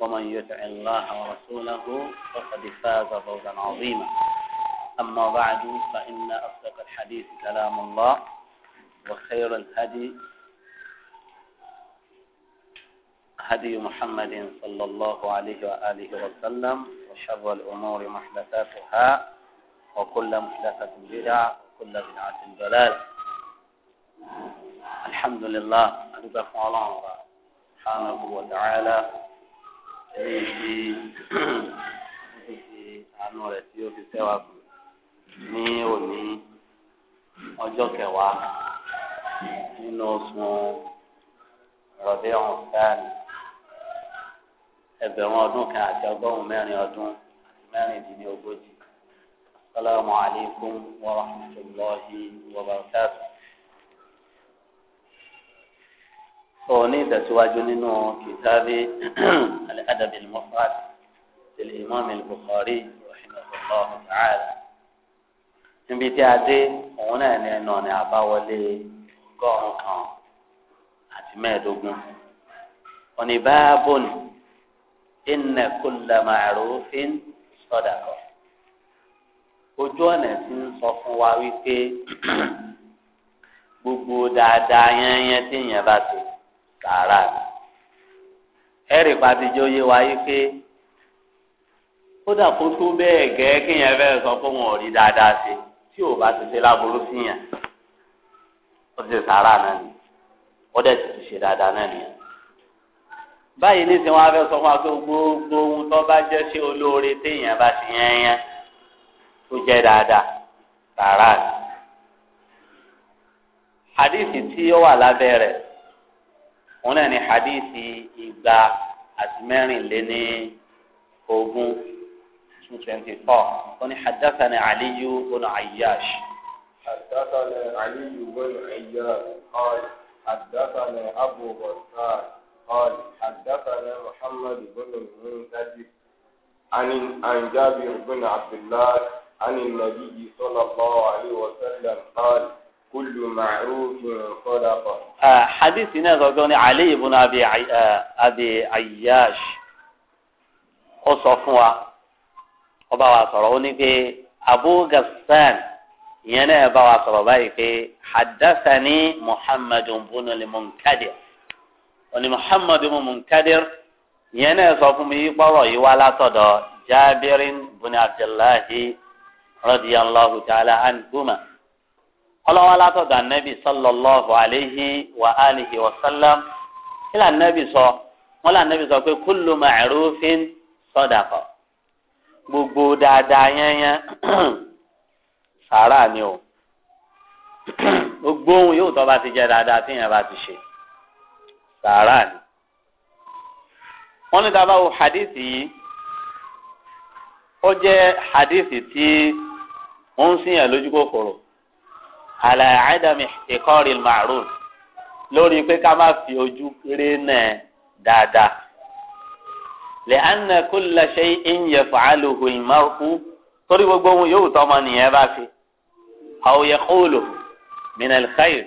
ومن يطع الله ورسوله فقد فاز فوزا عظيما أما بعد فإن أصدق الحديث كلام الله وخير الهدي هدي محمد صلى الله عليه وآله وسلم وشر الأمور محدثاتها وكل محدثة بدعة وكل بدعة ضلالة الحمد لله أدبك الله سبحانه وتعالى èyí tí ó ti fi àánú rẹ̀ tí ó fi fẹ́ wa fún ní òní ọjọ́ kẹwàá nínú oṣù rọ̀bẹ́ ọ̀hún sáàni ẹgbẹ̀rún ọdún kan àti ọgọ́rùn-ún mẹ́rin ọdún àti mẹ́rìndínlógójì. Assalamu alaikum wa rahmatullahi wa barakatuh. òní ìtẹ̀síwájú nínú kìtàbí al-adab al-mufrad tẹ̀lé imam al-bukhari rahimahullahu ta'ala níbi tí a dé òun náà ní ẹnu ọ̀nà àbáwọlé ọgọ́rùn-ún kan àti mẹ́ẹ̀ẹ́dógún òní báàbò ní inna kulla ma'rufin sadaqa ojú ọ̀nà tí ń sọ fún wa wípé gbogbo dáadáa yẹn yẹn tí yẹn bá ti sàárà ni ẹ̀rì pàtijọ́ yé wa yí pé kódà kó tó bẹ́ẹ̀ gẹ́ kéèyàn fẹ́ sọ fún wọn rí dáadáa sí tí ò bá ti ṣe láburú síyàn ó ti ṣe sàárà náà ni ó dẹ̀ ti ti ṣe dáadáa náà nìyẹn báyìí nísìnyí wọn á fẹ́ sọ fún wa pé gbogbo ohun tó bá jẹ́ ṣé olóore téèyàn bá ti yẹn yẹn tó jẹ́ dáadáa sàárà ni àdìsí tí ó wà lábẹ́ rẹ̀ wọn náà ní hadithi igba àti mẹ́rin lé ní ogún two twenty four wọn ní hadathani aliyu bonu ayash. hadathani aliyu bonu ayash qal hadathani abu basar qal hadathani muhammad bonu munkadir عن عن جابر بن عبد الله عن النبي صلى الله عليه وسلم قال kullu ma'rufin sadaqa. hadith náà sọ pé ó ní Ali ibn Abi Ayyash ó sọ fún wa ó bá wa sọ̀rọ̀ ó ní pé Abu Ghassan ìyẹn náà bá wa sọ̀rọ̀ báyìí pé haddathani Muhammadun bunul Munkadir ó ní Munkadir ìyẹn náà sọ mi yí pọ́rọ̀ yìí wá Jabirin bùnú Abdullahi radiyallahu ta'ala anhuma ọlọ́wọ́ látọ̀dọ̀ ànábì sallallahu alayhi wa alihi wa sallam kí là ànábì sọ wọn là ànábì sọ pé kullu ma'rufin sadaqa gbogbo dáadáa yẹ́nyẹ́ sàárà ni o gbogbo ohun yóò tọ́ bá ti jẹ́ dáadáa tí yẹn bá ti ṣe sàárà ni wọ́n ní dábàá wo hadithi yìí ó jẹ́ hadithi tí ó ń sìn yẹn lójú kòkòrò àlà àdàmì ìkọ́rin màrún lórí pé ká má fi ojú rí náà dáadáa. lẹ́ànà kó lọ́ṣẹ́ ìyẹn fàálùhù ìmọ̀kú torí gbogbo ohun yòówù tọmọ nìyẹn bá fi àwòyẹ kóòlò minal khair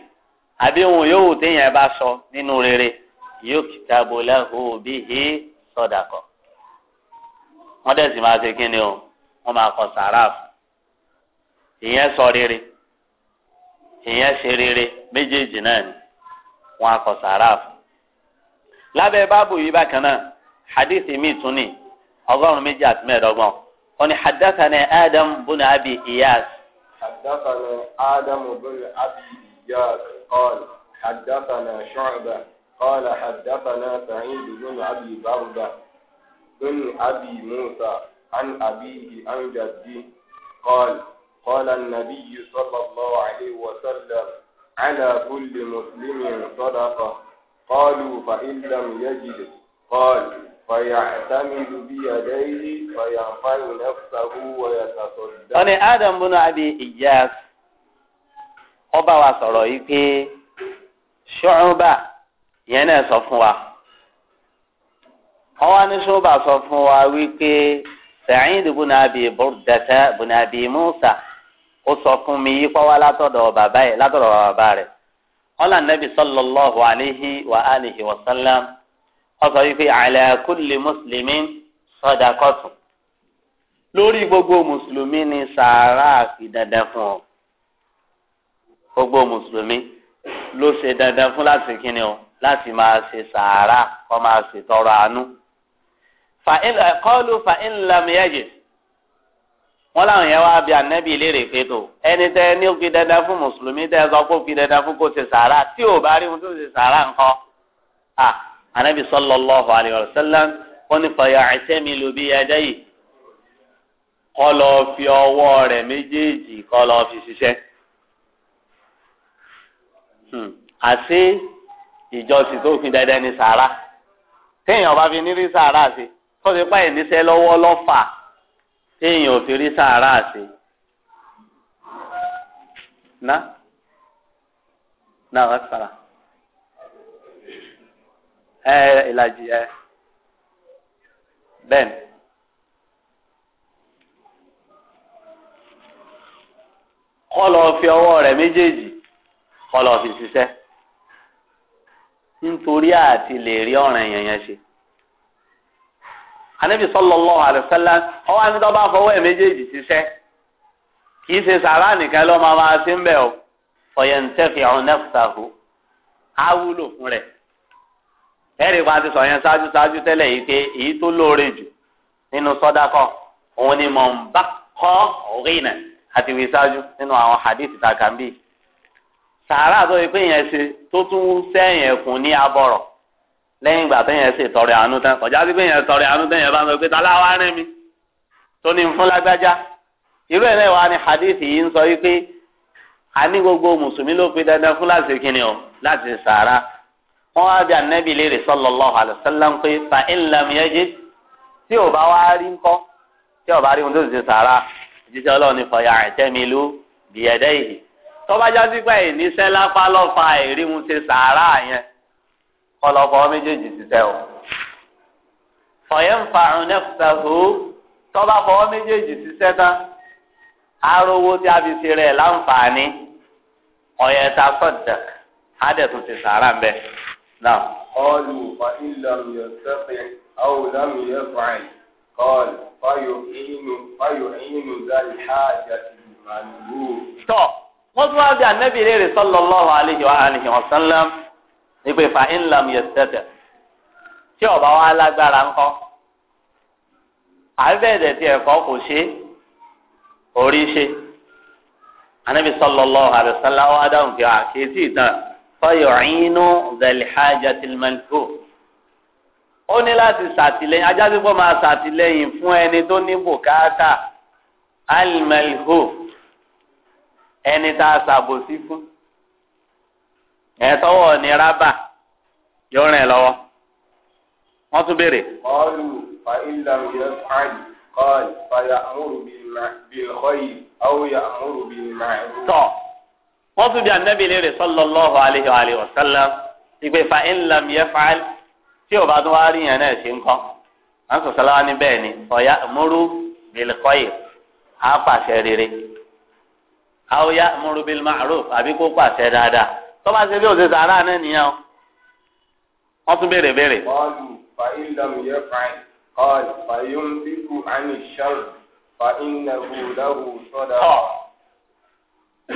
àbí ohun yòówù téèyàn bá sọ nínú rere yóò kìtàbọ̀ lẹ́hùn bíi sọ̀dàkọ̀ wọ́n dẹ̀ sì máa ṣe kí ni o wọ́n máa kọ sàráàfù ìyẹn sọ rere. èèyàn ṣe rere méjèèjì náà ni wọn akọ sàárà fún. lábẹ́ báàbù yìí bákan náà hadith mi tún ni ọgọ́rùn-ún méjì àti mẹ́ẹ̀ẹ́dọ́gbọ̀n wọn ni hadathana adam bun abi iyas. hadathana adam bun abi iyas qal hadathana shu'ba qal hadathana sa'id bun abi barda bun abi musa an abihi an jaddi qal. قال النبي صلى الله عليه وسلم على كل مسلم صدقة قالوا فإن لم يجد قال فيعتمد بيديه فينفع نفسه ويتصدق أنا آدم بن أبي إياس أبا wa شعبة yìí pé ṣọ́ọ́bà yẹn náà sọ fún wa ọwọ́ ní ṣọ́ọ́bà sọ fún wa wípé Sa'id ibn Abi Burdata ibn ó sọ fún mi yí pọ́wá látọ̀dọ̀ bàbá yẹ látọ̀dọ̀ bàbá rẹ̀ ọ̀là nẹ́bí sọlọ́lọ́hu aleyhi wa alihi wa sallam ó sọ wípé ala kulli mùsùlùmí sadaqatu lórí gbogbo mùsùlùmí ni sàárà fi dandan fún ọ gbogbo mùsùlùmí ló ṣe dandan fún láti kíni o láti máa ṣe sàárà kó máa ṣe tọrọ àánú. fa in qalu fa in lam yajid. wọn làwọn yẹn wá bí anabi léèrè pé tó ẹni tẹ ní fi dandan fún mùsùlùmí tẹ sọ kó fi dandan fún kó ṣe sàárà tí ò bá rí ohun tó ṣe sàárà ńkọ́ à anabi sallallahu alayhi wa sallam wọn ní fàyà àìsẹ́mi ló bí ẹjẹ́ yìí kọ́ lọ fi ọwọ́ rẹ̀ méjèèjì kọ́ lọ fi ṣiṣẹ́ hmm, àti ìjọsìn tó fi dandan ní sàárà téèyàn bá fi nírí sàárà sí tó ti pa ìníṣẹ́ lọ́wọ́ lọ́fà téèyàn ò fi rí sàárà ṣe ná náà ọ̀sára ẹ ìlàjì ẹ bẹ́ẹ̀ ni. kọ́ lọ fi ọwọ́ rẹ̀ méjèèjì kọ́ lọ fi ṣiṣẹ́ nítorí àti lè rí ọ̀ràn yẹn yẹn ṣe anabi sallallahu alaihi wasallam ọwọ àti tó bá fọwọ́ ẹ méjèèjì ti sẹ kì í ṣe sàrà nìkan ló máa máa ṣe ń bẹ o fọyẹntẹfì ọhún nẹfùsàfù á wúlò fún rẹ ẹrí pa ti sọ yẹn ṣáájú ṣáájú tẹ́lẹ̀ yìí pé èyí tó lóore jù nínú sọdákọ òun ni mọ̀ ń bá kọ́ òrìnà àti wí ṣáájú nínú àwọn hadith takambi sàrà tó yẹ pé yẹn ṣe tó tún sẹ́yìn ẹ̀kún ní abọ́rọ̀ lẹ́yìn ìgbà tẹ́yìn sì tọrẹ àánú tán kọjá sí pé yẹn tọrẹ àánú tẹ́yìn bá ń sọ pé ta láwa rẹ́ mi tó ní fún lágbájá irú ẹ̀ náà wà ní hadithi yìí ń sọ wípé a ní gbogbo mùsùlùmí ló pe dandan fún láti kíni o láti sàárà wọn á bí anabi léèrè sallallahu alaihi wasallam pé fa in lam yajid tí ò bá wá rí ńkọ́ tí ò bá rí ohun tó ti sàárà jíjẹ́ ọlọ́run ní fọyà àtẹ́milú bìyẹ̀dẹ́ yìí tọ́bajá sí ìníṣẹ́ lápá lọ́fà ìrí ohun ti sàárà yẹn ọlọ́fọ́ méjèèjì ṣiṣẹ́ o. fọyẹ́n fàrùn nẹ́fùsà hó tọ́ba fọwọ́ méjèèjì ṣiṣẹ́ tán arówó tí a fi ṣe rẹ̀ láǹfààní ọ̀yẹ̀ta sọ̀dẹ̀ adẹ̀tún ti sàárà ń bẹ̀ náà. ọlù fa ìlànà yọ̀sẹ̀fẹ̀ àwòlànà yẹ̀fọ̀ẹ̀ kọ́ọ̀l fayọ̀ ẹ̀yìnù fayọ̀ ẹ̀yìnù dáì hájà tìlù màlúù. tọ́ wọ́n tún wá bí anábìrì rẹ̀ sallallahu alaihi wa alihi wa nígbè fa ńlam yẹ tẹtẹ tí ọba wa lágbára ńkọ́ àbẹ̀dẹ̀ tí ẹ̀kọ́ kò ṣe orí ṣe anabi sallallahu alaihi wasallam adáhùn kí a kì í tí tán fọyọ ìnú zẹlìhájà tìlmẹǹtò ó ní láti ṣàtìlẹ́yìn ajá tí kò máa ṣàtìlẹ́yìn fún ẹni tó ní bùkátà alimẹlho ẹni tá a ṣàbòsí fún ẹ tọwọ ní rábà yóò rìn lọ́wọ́ wọn tún béèrè. ọlù fàílà yẹfàlì kọ́ọ̀lì fàyà àmúrù bìlọ́yì àwòyà àmúrù bìlọ́yì. tọ́ wọ́n tún bí anábì lè rè sallallahu alaihi wa alihi wa sallam ìgbé fàílà yẹfàlì tí ò bá tún wá rí yẹn náà ṣe ń kọ́ à ń sọ sọlá wa ní bẹ́ẹ̀ ni fàyà àmúrù bìlọ́yì á pàṣẹ rere àwòyà àmúrù bìlọ́yì tọ́ba ṣe bí òṣèṣe ara náà nìyẹn o wọ́n tún béèrè béèrè. bọ́ọ̀lù fàyín lọ́mù yẹ fàyín kọ́ọ̀lù fàyín bíkú àní ṣọ́ọ̀lù fàyín nàbù lọ́wù sọ́dà.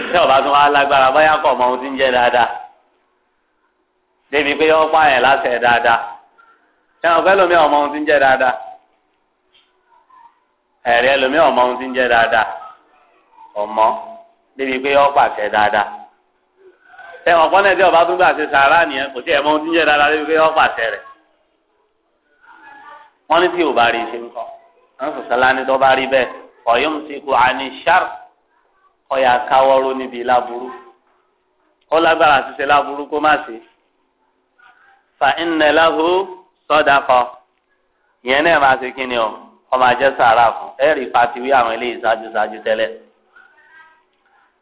ṣé ọba tún wá lágbára bóyá kọ̀ mọ ohun tí ń jẹ́ dáadáa débi pé ó pààyàn láṣẹ dáadáa ṣé ọ̀fẹ́ lomi ọmọ ohun tí ń jẹ́ dáadáa ẹ̀rẹ́ lomi ọmọ ohun tí ń jẹ́ dáadáa ọmọ débi pé ó pàṣẹ dáadáa tẹ̀wọ̀n kọ́nẹ̀ tí ọba tún gbà ṣe sàárà nìyẹn kò tí ẹ̀ mọ ohun tí ń jẹ́ dára lórí pé wọ́n pàṣẹ rẹ̀ wọ́n ní tí ò bá rí ṣe ń kọ́ wọ́n sọ sọ́lá ní tó bá rí bẹ́ẹ̀ ọ̀yọ́ mi ti kú àní ṣár ọ̀yà káwọ́rọ́ níbi láburú ó lágbára ṣiṣẹ́ láburú kó má ṣe fa ìnnẹ̀ láhu sọ́dà kọ ìyẹn náà máa ṣe kíni o ọmọ ajẹ́ sàárà fún ẹ̀rí pàtiwí àwọn eléyìí ṣáájú ṣáájú tẹ́lẹ̀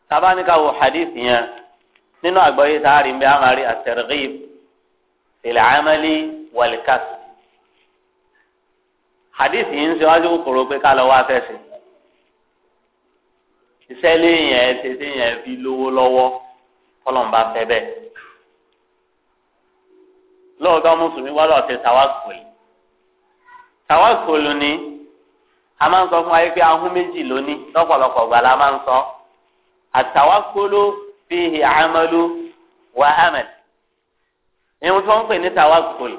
tábánikà wo hadith yẹn nínú àgbáyé tá a rí bí a máa rí at-targhib fil amali wal kasb hadith yìí ń ṣe wájú kòkòrò pé ká lọ wá fẹsẹ̀ iṣẹ́ léyìn ẹ̀ ṣe téyìn ẹ̀ fi lówó lọ́wọ́ kọ́lọ́mbà fẹ́ bẹ́ẹ̀ lóòótọ́ mùsùlùmí wá lọ́ọ́ ṣe tàwákùlù ni a máa ń sọ fún wa pé ahun méjì lóní lọ́pọ̀lọpọ̀ gbà la máa ń sọ àtàwákùlù. fihi amalu wa amal irun tí wọn pè ní tawakul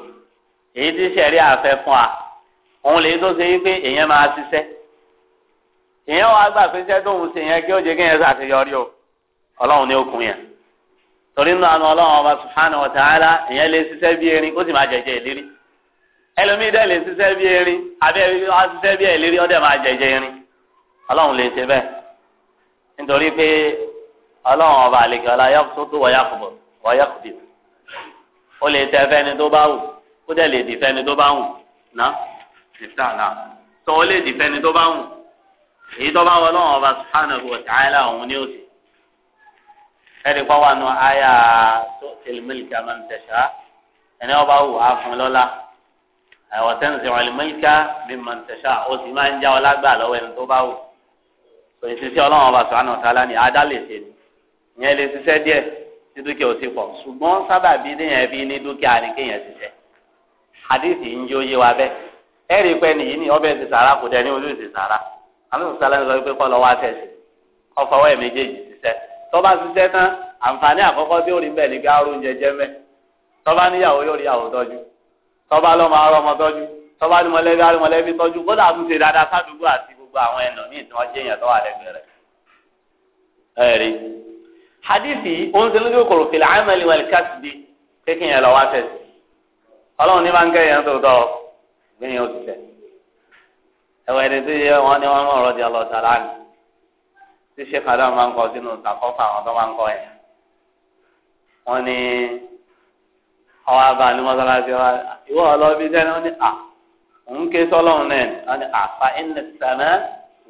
èyí tí sẹrí àfẹ fún wa òun lè tó ṣe yí pé èèyàn máa ṣiṣẹ́ èèyàn wàá gbà pé iṣẹ́ tóun ṣe yẹn kí ó jẹ kí yẹn ṣàṣeyọrí o Ọlọ́run ní okùn yẹn torí nínú àánú Ọlọ́run ọba subhanahu wa ta'ala èèyàn lè ṣiṣẹ́ bí erin ó sì máa jẹjẹ ìlérí ẹlòmíì dẹ lè ọlọ́run ọba àlejò ọlá yọkùtù wọ̀yàkùbọ̀ wọ̀yàkùbì ó lè tẹ fẹ́ni tó bá wù ó dẹ̀ lè dì fẹ́ni tó bá wù ná ìsàlá tó o lè dì fẹ́ni tó bá wù èyí tó bá wọ ọlọ́run ọba subhanahu wa ta'ala òun ni ó sì ẹni kọ́ wà nù àyà tó tẹlifílìkà máa ń tẹ̀sà ẹni ọba wù á fún lọ́la ẹ̀wọ̀ tẹ́ǹsì ọ̀lẹ́mẹ́lìkà bí máa ń tẹ̀sà ó sì máa ń já ọlá lọ́wọ́ ẹni tó bá wù òṣìṣẹ́ ọlọ́run ọba subhanahu wa ni adá lè ṣe ni. ìyẹn lè ṣiṣẹ́ díẹ̀ tí dúkìá ò ti ṣùgbọ́n sábàbí déyàn bí ní dúkìá ni kéèyàn ṣiṣẹ́ àdéhìí ń yóò yé wa bẹ ẹ̀rí pẹ́ nìyí ni ọbẹ̀ ti sàrà kò dẹ́ni olú ti sàrà sọ pé lọ wá méjèèjì ni pé arún jẹjẹ mẹ́ tọ́ba níyàwó yóò rí àwò tọba ọmọ ní gbogbo àwọn míì tí hadithi òun ti lójú kòrò fìlà àmàlì wà lìkàsìbí kékin yẹn lọ wá fẹsẹ̀ Ọlọ́run ní máa ń kẹyìn tó tọ gbẹ̀yìn oṣù tẹ ẹwà ẹni tó yẹ wọn ni wọn mọ ọ̀rọ̀ di ọlọta lánàá tí sèkà dáhùn máa ń kọ sínú ìtàkọ́fà àwọn tó máa ń kọ yẹn wọn ni ọwọ́ abá ní mọ́sálásí wa ìwọ ọlọ́bí sẹ́ni wọn ni à ń ké sọ́lọ́run náà wọn ni àfa ẹni sàmẹ́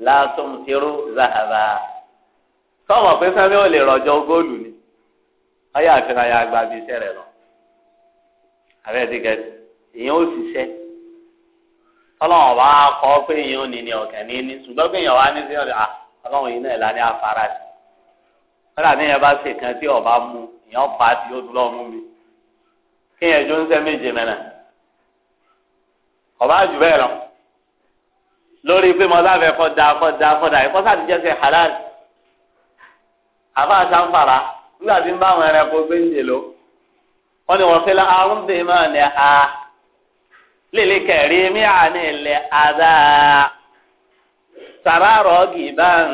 látọ̀mùtìrú zàhàbà. sọ́mọ̀ pé sẹ́mi ò lè rọ̀jò góòlù ni ọyá àfihàn ya gba bí iṣẹ́ rẹ̀ lọ. àbẹ́ ti kẹ́ ìyẹn ó ṣiṣẹ́ tọ́lọ́wọ̀n wá kọ́ pé ìyẹn ò ní ní ọ̀kẹ́ ní ní ṣùgbọ́n pé ìyẹn ní sí ọ̀dọ̀ ah, yìí náà afárá sí. ní ìyẹn bá ṣe kan tí ọba mú ìyẹn ó mi kí ìyẹn jó ń méje mẹ́nà ọba jù bẹ́ẹ̀ lọ lórí pé mo láfẹ́ àbá sanfara nígbà tí ń bá àwọn ẹranko gbé ń jèlò wọn ni wọn fi la máa ní a lílì kẹrí mi àní ilẹ̀ àdá sàràrọ̀ gìbán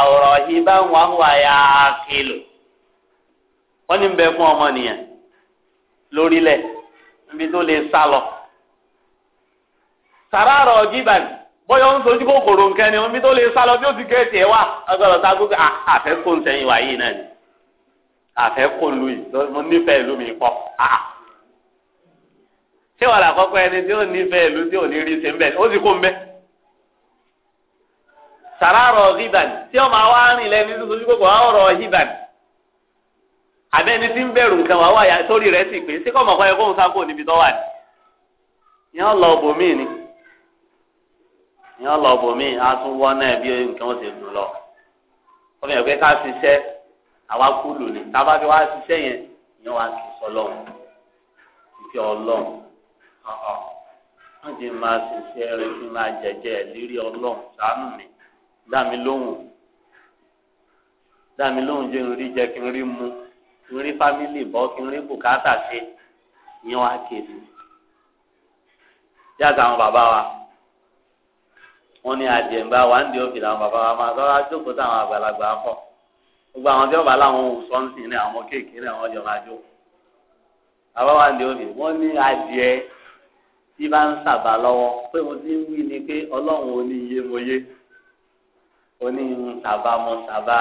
àwòrán ìbán wọn wà yá kìlò wọn ni ń bẹ fún ọmọ nìyẹn lórílẹ̀ níbi tó lè sálọ bóyá ó ń sojú kòkòrò nǹkan ni omi tó lè sá lọ bí ó ti gé tiẹ̀ wá ọgbọ́dọ̀ sá gbogbo àfẹ́ kó ń sẹ́yìn wáyé náà ni àfẹ́ kó lu yìí mo nífẹ̀ẹ́ ìlú mi pọ̀ ṣé ẹni tí ó nífẹ̀ẹ́ ìlú tí ò ní rí ṣe ń bẹ̀ ó sì kó ń bẹ́ sàràrọ̀ tí ó máa wá rìn lẹ́ni tó sojú kòkòrò ọ̀rọ̀ àbẹ́ni ń bẹ̀rù nǹkan wà ìyẹn lọ bò mí a tún wọ́n náà bí nǹkan ó ti dùn lọ. wọ́n fi pé ká ṣiṣẹ́ àwa kú lò ní fi wá ṣiṣẹ́ yẹn ìyẹn wá kì sọ lọ́hùn ìfẹ́ ọlọ́hùn wọ́n ti máa ṣiṣẹ́ rẹ̀ fi máa jẹ̀jẹ̀ lérí ọlọ́hùn ṣàánú mi dá mi lóhùn dá mi lóhùn jẹ́ n jẹ kí n rí mu kí n rí fámìlì bọ́ kí n rí bùkátà ṣe ìyẹn wá kì í àwọn bàbá wa wọn ní adìẹ wa ń di òfin àwọn bàbá wa máa lọ́ra jókòó táwọn àgbàlagbà kọ́ gbogbo àwọn tí wọ́n bá láwọn ohun sọ́nsìn ní àwọn kéèkéèrè àwọn jọ máa jó bàbá wa ń di òfin wọ́n ní adìẹ tí bá ń sàbà lọ́wọ́ pé mo ti ń wí ni pé ọlọ́run ò ní iye mo yé oní sàbà mo sàbà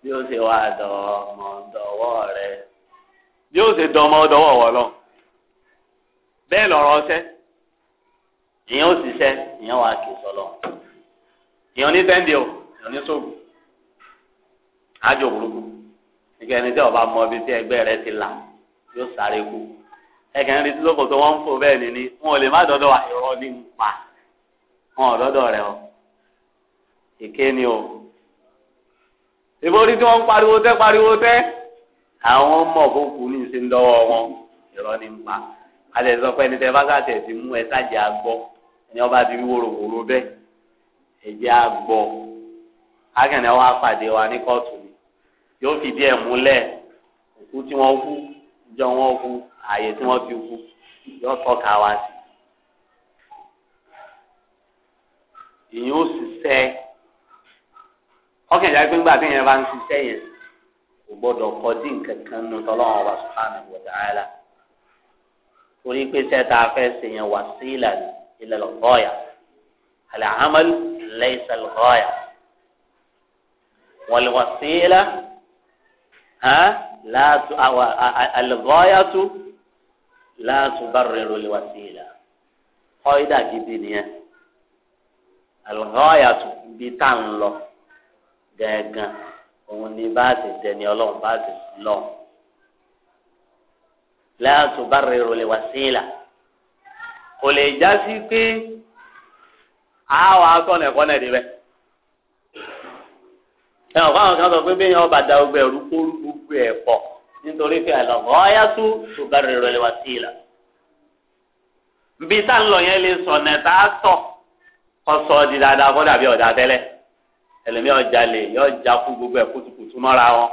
bí ó ṣe wá dọ̀ọ̀mọ̀ dọ̀wọ́ rẹ̀ bí ó ṣe dọ̀ọ̀mọ̀ dọ̀wọ́ wọ̀ lọ bẹ́ẹ̀ lọ̀rọ̀ ọṣẹ́ ìyẹn ó ṣiṣẹ́ ìyẹn wàá kì í sọ lọ́wọ́ ìyẹn ní tẹ́ndì o ìyẹn ní sóògùn ájò burúkú nígbà ẹni tí ọba mọ ibi tí ẹgbẹ́ rẹ ti là yóò sáré kú ẹkẹrin rí tílókò tó wọ́n ń fò bẹ́ẹ̀ ni ni wọn ò lè má dọ́dọ̀ wà irọ́ ní ń pa wọn ò dọ́dọ̀ rẹ o èké ni o ìborí tí wọ́n ń pariwo tẹ́ pariwo tẹ́ àwọn ọmọ òkú ní ìsìn dọ́wọ́ wọn irọ́ ní ń pa àtẹ̀sọ́pẹ́ni tẹ́ bá sàtẹ̀ ti mú ẹ sájà gbọ́ ẹni ọba di wúrowúro bẹ́ẹ̀ ẹ̀jẹ̀ àgbọ̀ akẹ́ni ọwọ́ apàdé wa ní kóòtù ni yóò fìdí ẹ̀ múlẹ̀ òkú tí wọ́n kú jọ wọ́n kú ààyè tí wọ́n fi kú yóò tọ́ka wa sí. ìyẹn ó ṣiṣẹ́ ọkàn ìjà pé ńgbà tí ìyẹn bá ń ṣiṣẹ́ yẹn kò gbọ́dọ̀ kọjú nǹkan kan nù tọ́lọ́wọ́n ọba subhanahu wa ta'ala torí pé sẹ́ta fẹ́ ṣe yẹn wàsílà ni. إلا الغاية العمل ليس الغاية والوسيلة ها لا ت... الغاية لا تبرر الوسيلة قاعدة جدية الغاية بتان له جاجا òun ni bá ti dẹni ọlọ́run bá kò lè já sí pé àwọn akọ́nà ẹ̀kọ́ náà dé bẹ́ẹ̀. ẹ ọ̀ fáwọn kan sọ pé bẹ́ẹ̀ ọba da gbogbo ẹ̀rú kó gbogbo ẹ̀ pọ̀ nítorí pé àlọ́gbọ́ ọ̀yá tó tó bá rẹ̀ rẹ̀ wá sí ìlà. bí tá ń lọ yẹn lè sọ̀nà tá a tọ̀ kọ́ sọ di dáadáa fọ́ dàbí ọ̀dà tẹ́lẹ̀ ẹlẹ́mi ọjà lè yọ ọjà fún gbogbo ẹ̀ kùtùkùtù mọ́ra wọn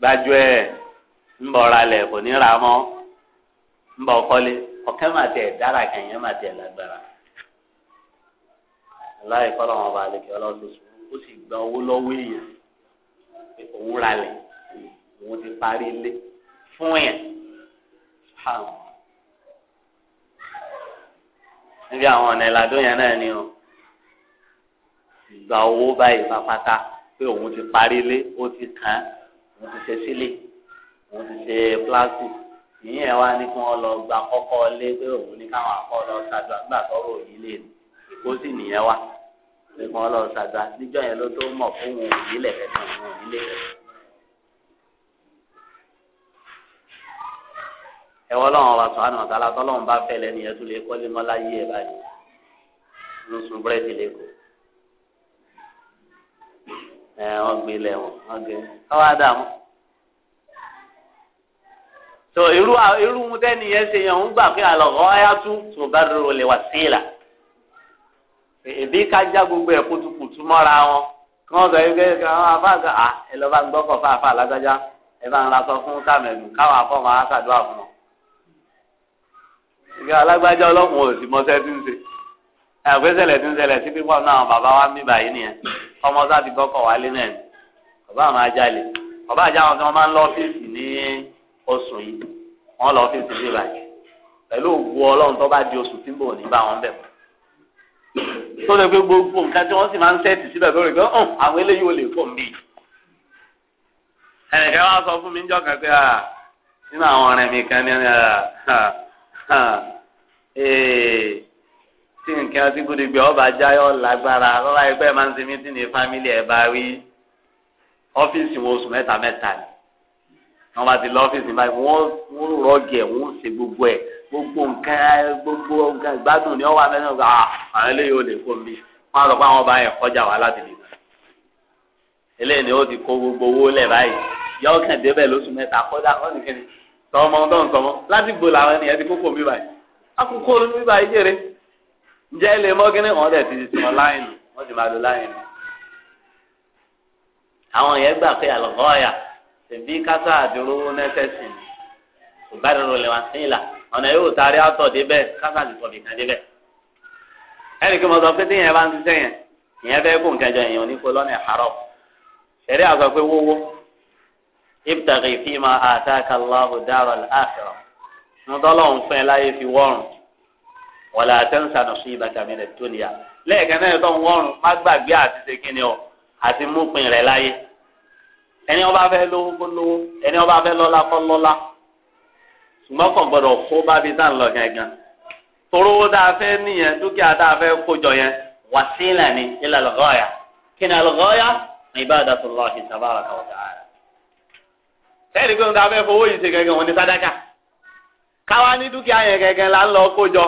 gbájú ẹ̀ ń bọ̀ ra lẹ̀ kò ní ra mọ́ ń bọ̀ kọ́lé ọ̀kẹ́ máa tẹ̀ dára kan yẹn máa tẹ̀ lágbára aláì kọ́ làwọn ọba àlekè ọlọ́sọ ó sì gba owó lọ́wọ́ èèyàn òun ralẹ̀ òun ti parí ilé fún yẹn níbi àwọn ọ̀nà ìlàdó yẹn náà ni o gba owó báyìí pápátá pé òun ti parí ilé ó ti kàn án òun ti ṣe sílé òun ti ṣe plastic. ìyẹn wa ní kí wọn lọ gba kọ́kọ́ lé pé òun ní káwọn akọ lọ ṣàdúrà nígbà tọrọ òyìn lè kó sì nìyẹn wa ní lọ ṣàdúrà yẹn ló tó fún òun òyìn lè òun òyìn lè wa sọ àná ọ̀tá látọ́ tó irú irú mu tẹ́ni yẹn ṣe yẹn ń gbà pé àlọ́kọ́ ayá tú tó bá rò lè wà sí ìlà èbí ká já gbogbo ẹ̀ kutukutu mọ́ra wọn kí wọ́n sọ yìí kí wọ́n afá àgbà à ẹ lọ́ bá ń gbọ́ kọ̀ọ̀fà àfà lágbájá ẹ bá ń ra sọ fún sàmẹ̀dù káwọn afọ́mọ aṣàdúrà fún ìgbà alágbájá ọlọ́run ò sì mọṣẹ́ tí ń ṣe àgbésẹ̀lẹ̀ tí ń ṣẹlẹ̀ sí pípọ̀ náà bàbá wa ń bí nìyẹn ọmọ sáà ti gbọ́kọ̀ wálé náà bàbá àwọn ajá lè bàbá àjá wọn tí wọ́n máa ń lọ́ọ́fíìsì ní oṣù yìí wọ́n lọ fi síbí báyìí pẹ̀lú òwú ọlọ́run tó bá di oṣù tí ń bọ̀ ní bá wọn bẹ̀ tó lè pé gbogbo nǹkan tí wọ́n sì máa ń sẹ́ẹ̀tì síbẹ̀ tó rè pé hàn àwọn eléyìí ò lè pọ̀ mí. ẹnìkan wá sọ fún mi níjọ́ kan pé nínú àwọn ọ̀rẹ́ mi kan ní tí nǹkan ọtí gúdìgbẹ ọba jáyọ lágbára lọ́la ẹgbẹ́ máa ń ṣe mí tí ní fámílì ẹ̀ bá rí ọ́fíìsì wọn oṣù mẹ́ta mẹ́ta ni wọn bá ti lọ ọfíìsì báyìí wọn wọn rọgẹ wọn ṣe gbogbo ẹ gbogbo nǹkan gbogbo nǹkan ìgbádùn ni wọn wà mẹsàn án gba àwọn eléyìí ò lè kó mi wọn rọ pé àwọn bá yẹn kọjá wà láti lè gbà eléyìí ni ó ti kó gbogbo owó lẹ báyìí yọ kàn débẹ̀ lóṣù mẹ́ta kọjá ọdún kẹrin sọmọ tó ń sọmọ láti gbò làwọn ènìyàn ti kókò mi báyìí akókò mi báyìí jèrè ǹjẹ́ ilé mọ́gínní wọn dẹ̀ ti ti sọ láyìn wọ́n ti máa lo láyìn àwọn yẹn gbà pé àlọ́ tẹ̀bí kásá àdúrówó nẹ́sẹ̀sì ìbádọ́rọ̀ lẹ́wọ̀n sílà ọ̀nà yóò taari àtọ̀ débẹ̀ kásá ti sọ̀bì kan débẹ̀. ẹnì kí mo sọ pé tí yẹn bá ń ṣiṣẹ́ yẹn ìyẹn fẹ́ gùn kẹjọ yẹn òní kó lọ́nà àárọ̀ ṣẹ̀rí àsọ pé wówó ibtaghi fima ataka Allahu daral akhirah mọ́tọ́lọ́ ń fẹ́ láyé fi wọ́rùn wala tansa nasibaka minad dunya lẹ́ẹ̀kan náà tó ń wọ́rùn má gbàgbé àti ṣe kíni o àti múpin rẹ̀ láyé ẹni ọba fẹ́ lówó kó lówó ẹni ọba fẹ́ lọ́lá kó lọ́lá ṣùgbọ́n kàn gbọ́dọ̀ kó bá bí sáà ń lọ gangan torówó tá a fẹ́ nìyẹn dúkìá tá a fẹ́ kójọ yẹn wàsílà ni ilà lọ́gọ́yà kí ni àlọ́gọ́yà ibadatu Allahi tabaraka wa ta'ala. sẹ́ẹ̀dì pé nǹkan abẹ́ fowó yìí ṣe gẹ́gẹ́ wọn ní sádàkà káwa ní dúkìá yẹn gẹ́gẹ́ là ń lọ kójọ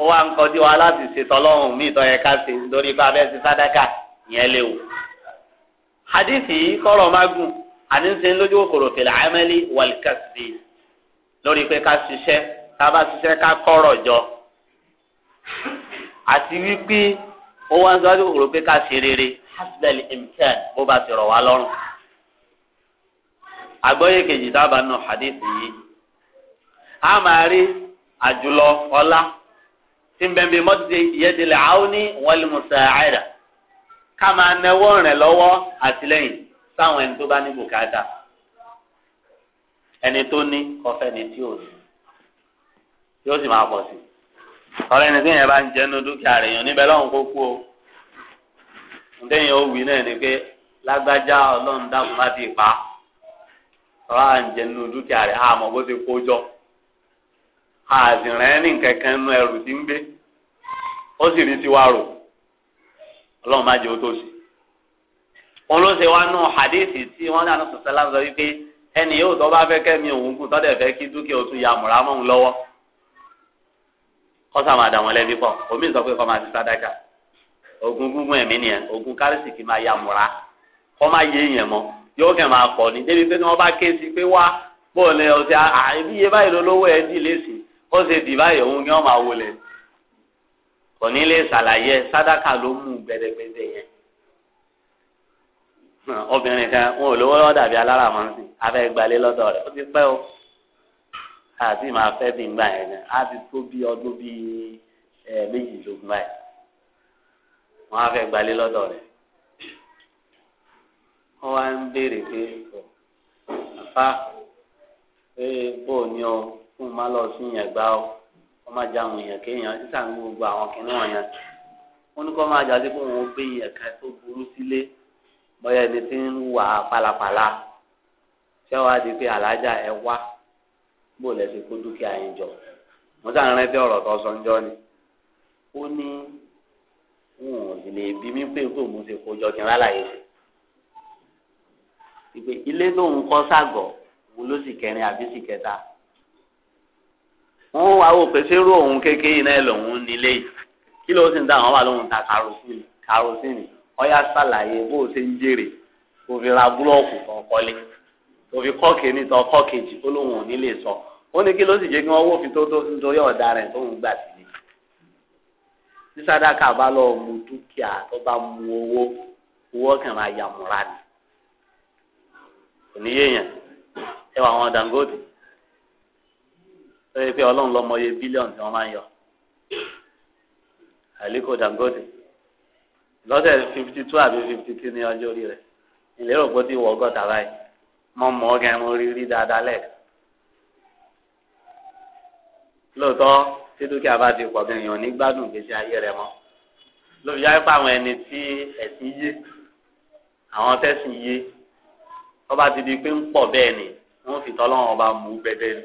ó wà ń kọjú wa láti ṣètọ́ lọ́hùn-ún mí ìtọ́ yẹn ká ṣe nítorí pé abẹ́ ṣe sádàkà yẹn léwu hadith yìí kọ́rọ̀ máa gùn àní ṣe ń lójú kòkòrò fil amali wal kasbi lórí pé ká ṣiṣẹ́ ká bá ṣiṣẹ́ ká kọ́rọ̀ jọ àti wípé ó wá ń sọ lójú kòkòrò pé ká ṣe rere hasbel imkan bó bá ti rọ̀ wá lọ́rùn. àgbọ́yé kejì dábàá nù hadith yìí a máa rí àjùlọ ọlá tí ń bẹ́ẹ̀ mọ́tò yẹ́dẹ̀lẹ̀ àwọn ní wal musa'ada. ká máa nẹwọ́ rẹ̀ lọ́wọ́ àtìlẹ́yìn sáwọn ẹni tó bá ní bùkátà ẹni tó ní kọfẹ́ ni tí ò ní yóò sì máa pọ̀ sí ọ̀rọ̀ ẹni tí yẹn bá ń jẹ́ nu dúkìá rẹ̀ yàn níbẹ̀ lọ́hùn kó kú o ǹdẹ́yìn ó wí náà ni pé lágbájá ọlọ́run má ti pa ọ̀rọ̀ à ń jẹ́ dúkìá rẹ̀ àmọ́ bó ti kó jọ ọlọ́run má jẹ́ òtòṣì. wọn ló ṣe wá nù hadithi tí wọ́n ní àtúntò sẹ́lá ń sọ wípé ẹnì yóò tó bá fẹ́ kẹ́mi òun kù tọ́dẹ̀ fẹ́ kí dúkìá o tún ya mùrà mọ́ òun lọ́wọ́ kọ́sà máa dà wọ́n lẹ́bi pọ̀ omi sọ pé kọ́ máa ti sádàkà ogun gúngun ẹ̀mí nìyẹn ogun kárìsì kì máa ya mùrà kọ́ máa yé yẹn mọ́ yóò kẹ́ máa pọ̀ ní débi pé ní wọ́n bá ké sí pé wá bóòlù ọ̀sẹ̀ àìbíyẹ báyìí lólówó ẹ̀ dì lẹ́sìn ó ṣe dì báyìí òun ni wọ́n máa wọlé kò ní lè ṣàlàyé sádàkà ló mú gbẹdẹgbẹdẹ yẹn hmm, obìnrin kan wọn ò lówó lọ́wọ́ dàbí alára mọ́ sí abẹ́ gbalé lọ́dọ̀ rẹ̀ ó ti pẹ́ o àti máa fẹ́ bí ngbà yẹn náà á ti tó bí ọdún bí méjìlélógún báyìí wọn á fẹ́ gbalé lọ́dọ̀ wọn wá ń béèrè pé àfa pé bóò ni o fún un má lọ sí yẹn gbá o wọ́n máa jẹ àwọn èèyàn kéèyàn títà ní gbogbo àwọn kìnìún wọ̀nyẹn wọ́n ní kó máa jà sí pé wọ́n gbé èèyàn kan tó burú sílé bóyá ẹni tí ń wà pálapàla ṣẹ́wàá di pé àlájá ẹ wá bó lẹ ṣe kó dúkìá yín jọ mo sàn rántí ọ̀rọ̀ tó sọ ńjọ́ ni ó ní wọn ò sì lè bí mi pé kó mo ṣe kó jọ kí n rálàyé ṣe ìpè ilé tóun kọ́ ságọ̀ òun ló sì kẹrin àbí sì kẹta wọn wá wò pé sẹ́rù òun kékeré náà lòun nílé yìí kí ló sì ń dá àwọn wà lóhun ta karosíìnì ọyá sàlàyé bó o ṣe ń jèrè kò fi ra búlọ́ọ̀kù kan kọ́lé kò fi kọ́ kéènì tán kọ́ sọ ó ní kí ló sì jẹ́ kí wọ́n fi tóun gbà sí ni tí bá lọ mu dúkìá tó bá mu owó ó yẹ pé ọlọ́run lọ́mọ iye bílíọ̀nù tí wọ́n máa ń yọ Aliko Dangote lọ́sẹ̀ fifty two àbí fifty three ní ọjọ́ orí rẹ̀ ìlérò pé ó ti wọ ọgọ́ta báyìí mọ́ mọ́ ọ́gá mo rí rí dáadáa lẹ́ẹ̀kan lóòótọ́ tí dúkìá bá ti pọ̀ gan èèyàn ní gbádùn gbèsè ayé rẹ̀ mọ́ lóbi yára pé àwọn ẹni tí ẹ̀sìn yé àwọn tẹ̀sìn yé wọ́n ti di pé ń pọ̀ bẹ́ẹ̀ ni wọ́n fi tọ́lọ́wọ́n ọba mú bẹ́ẹ̀ bẹ́ẹ̀ ni.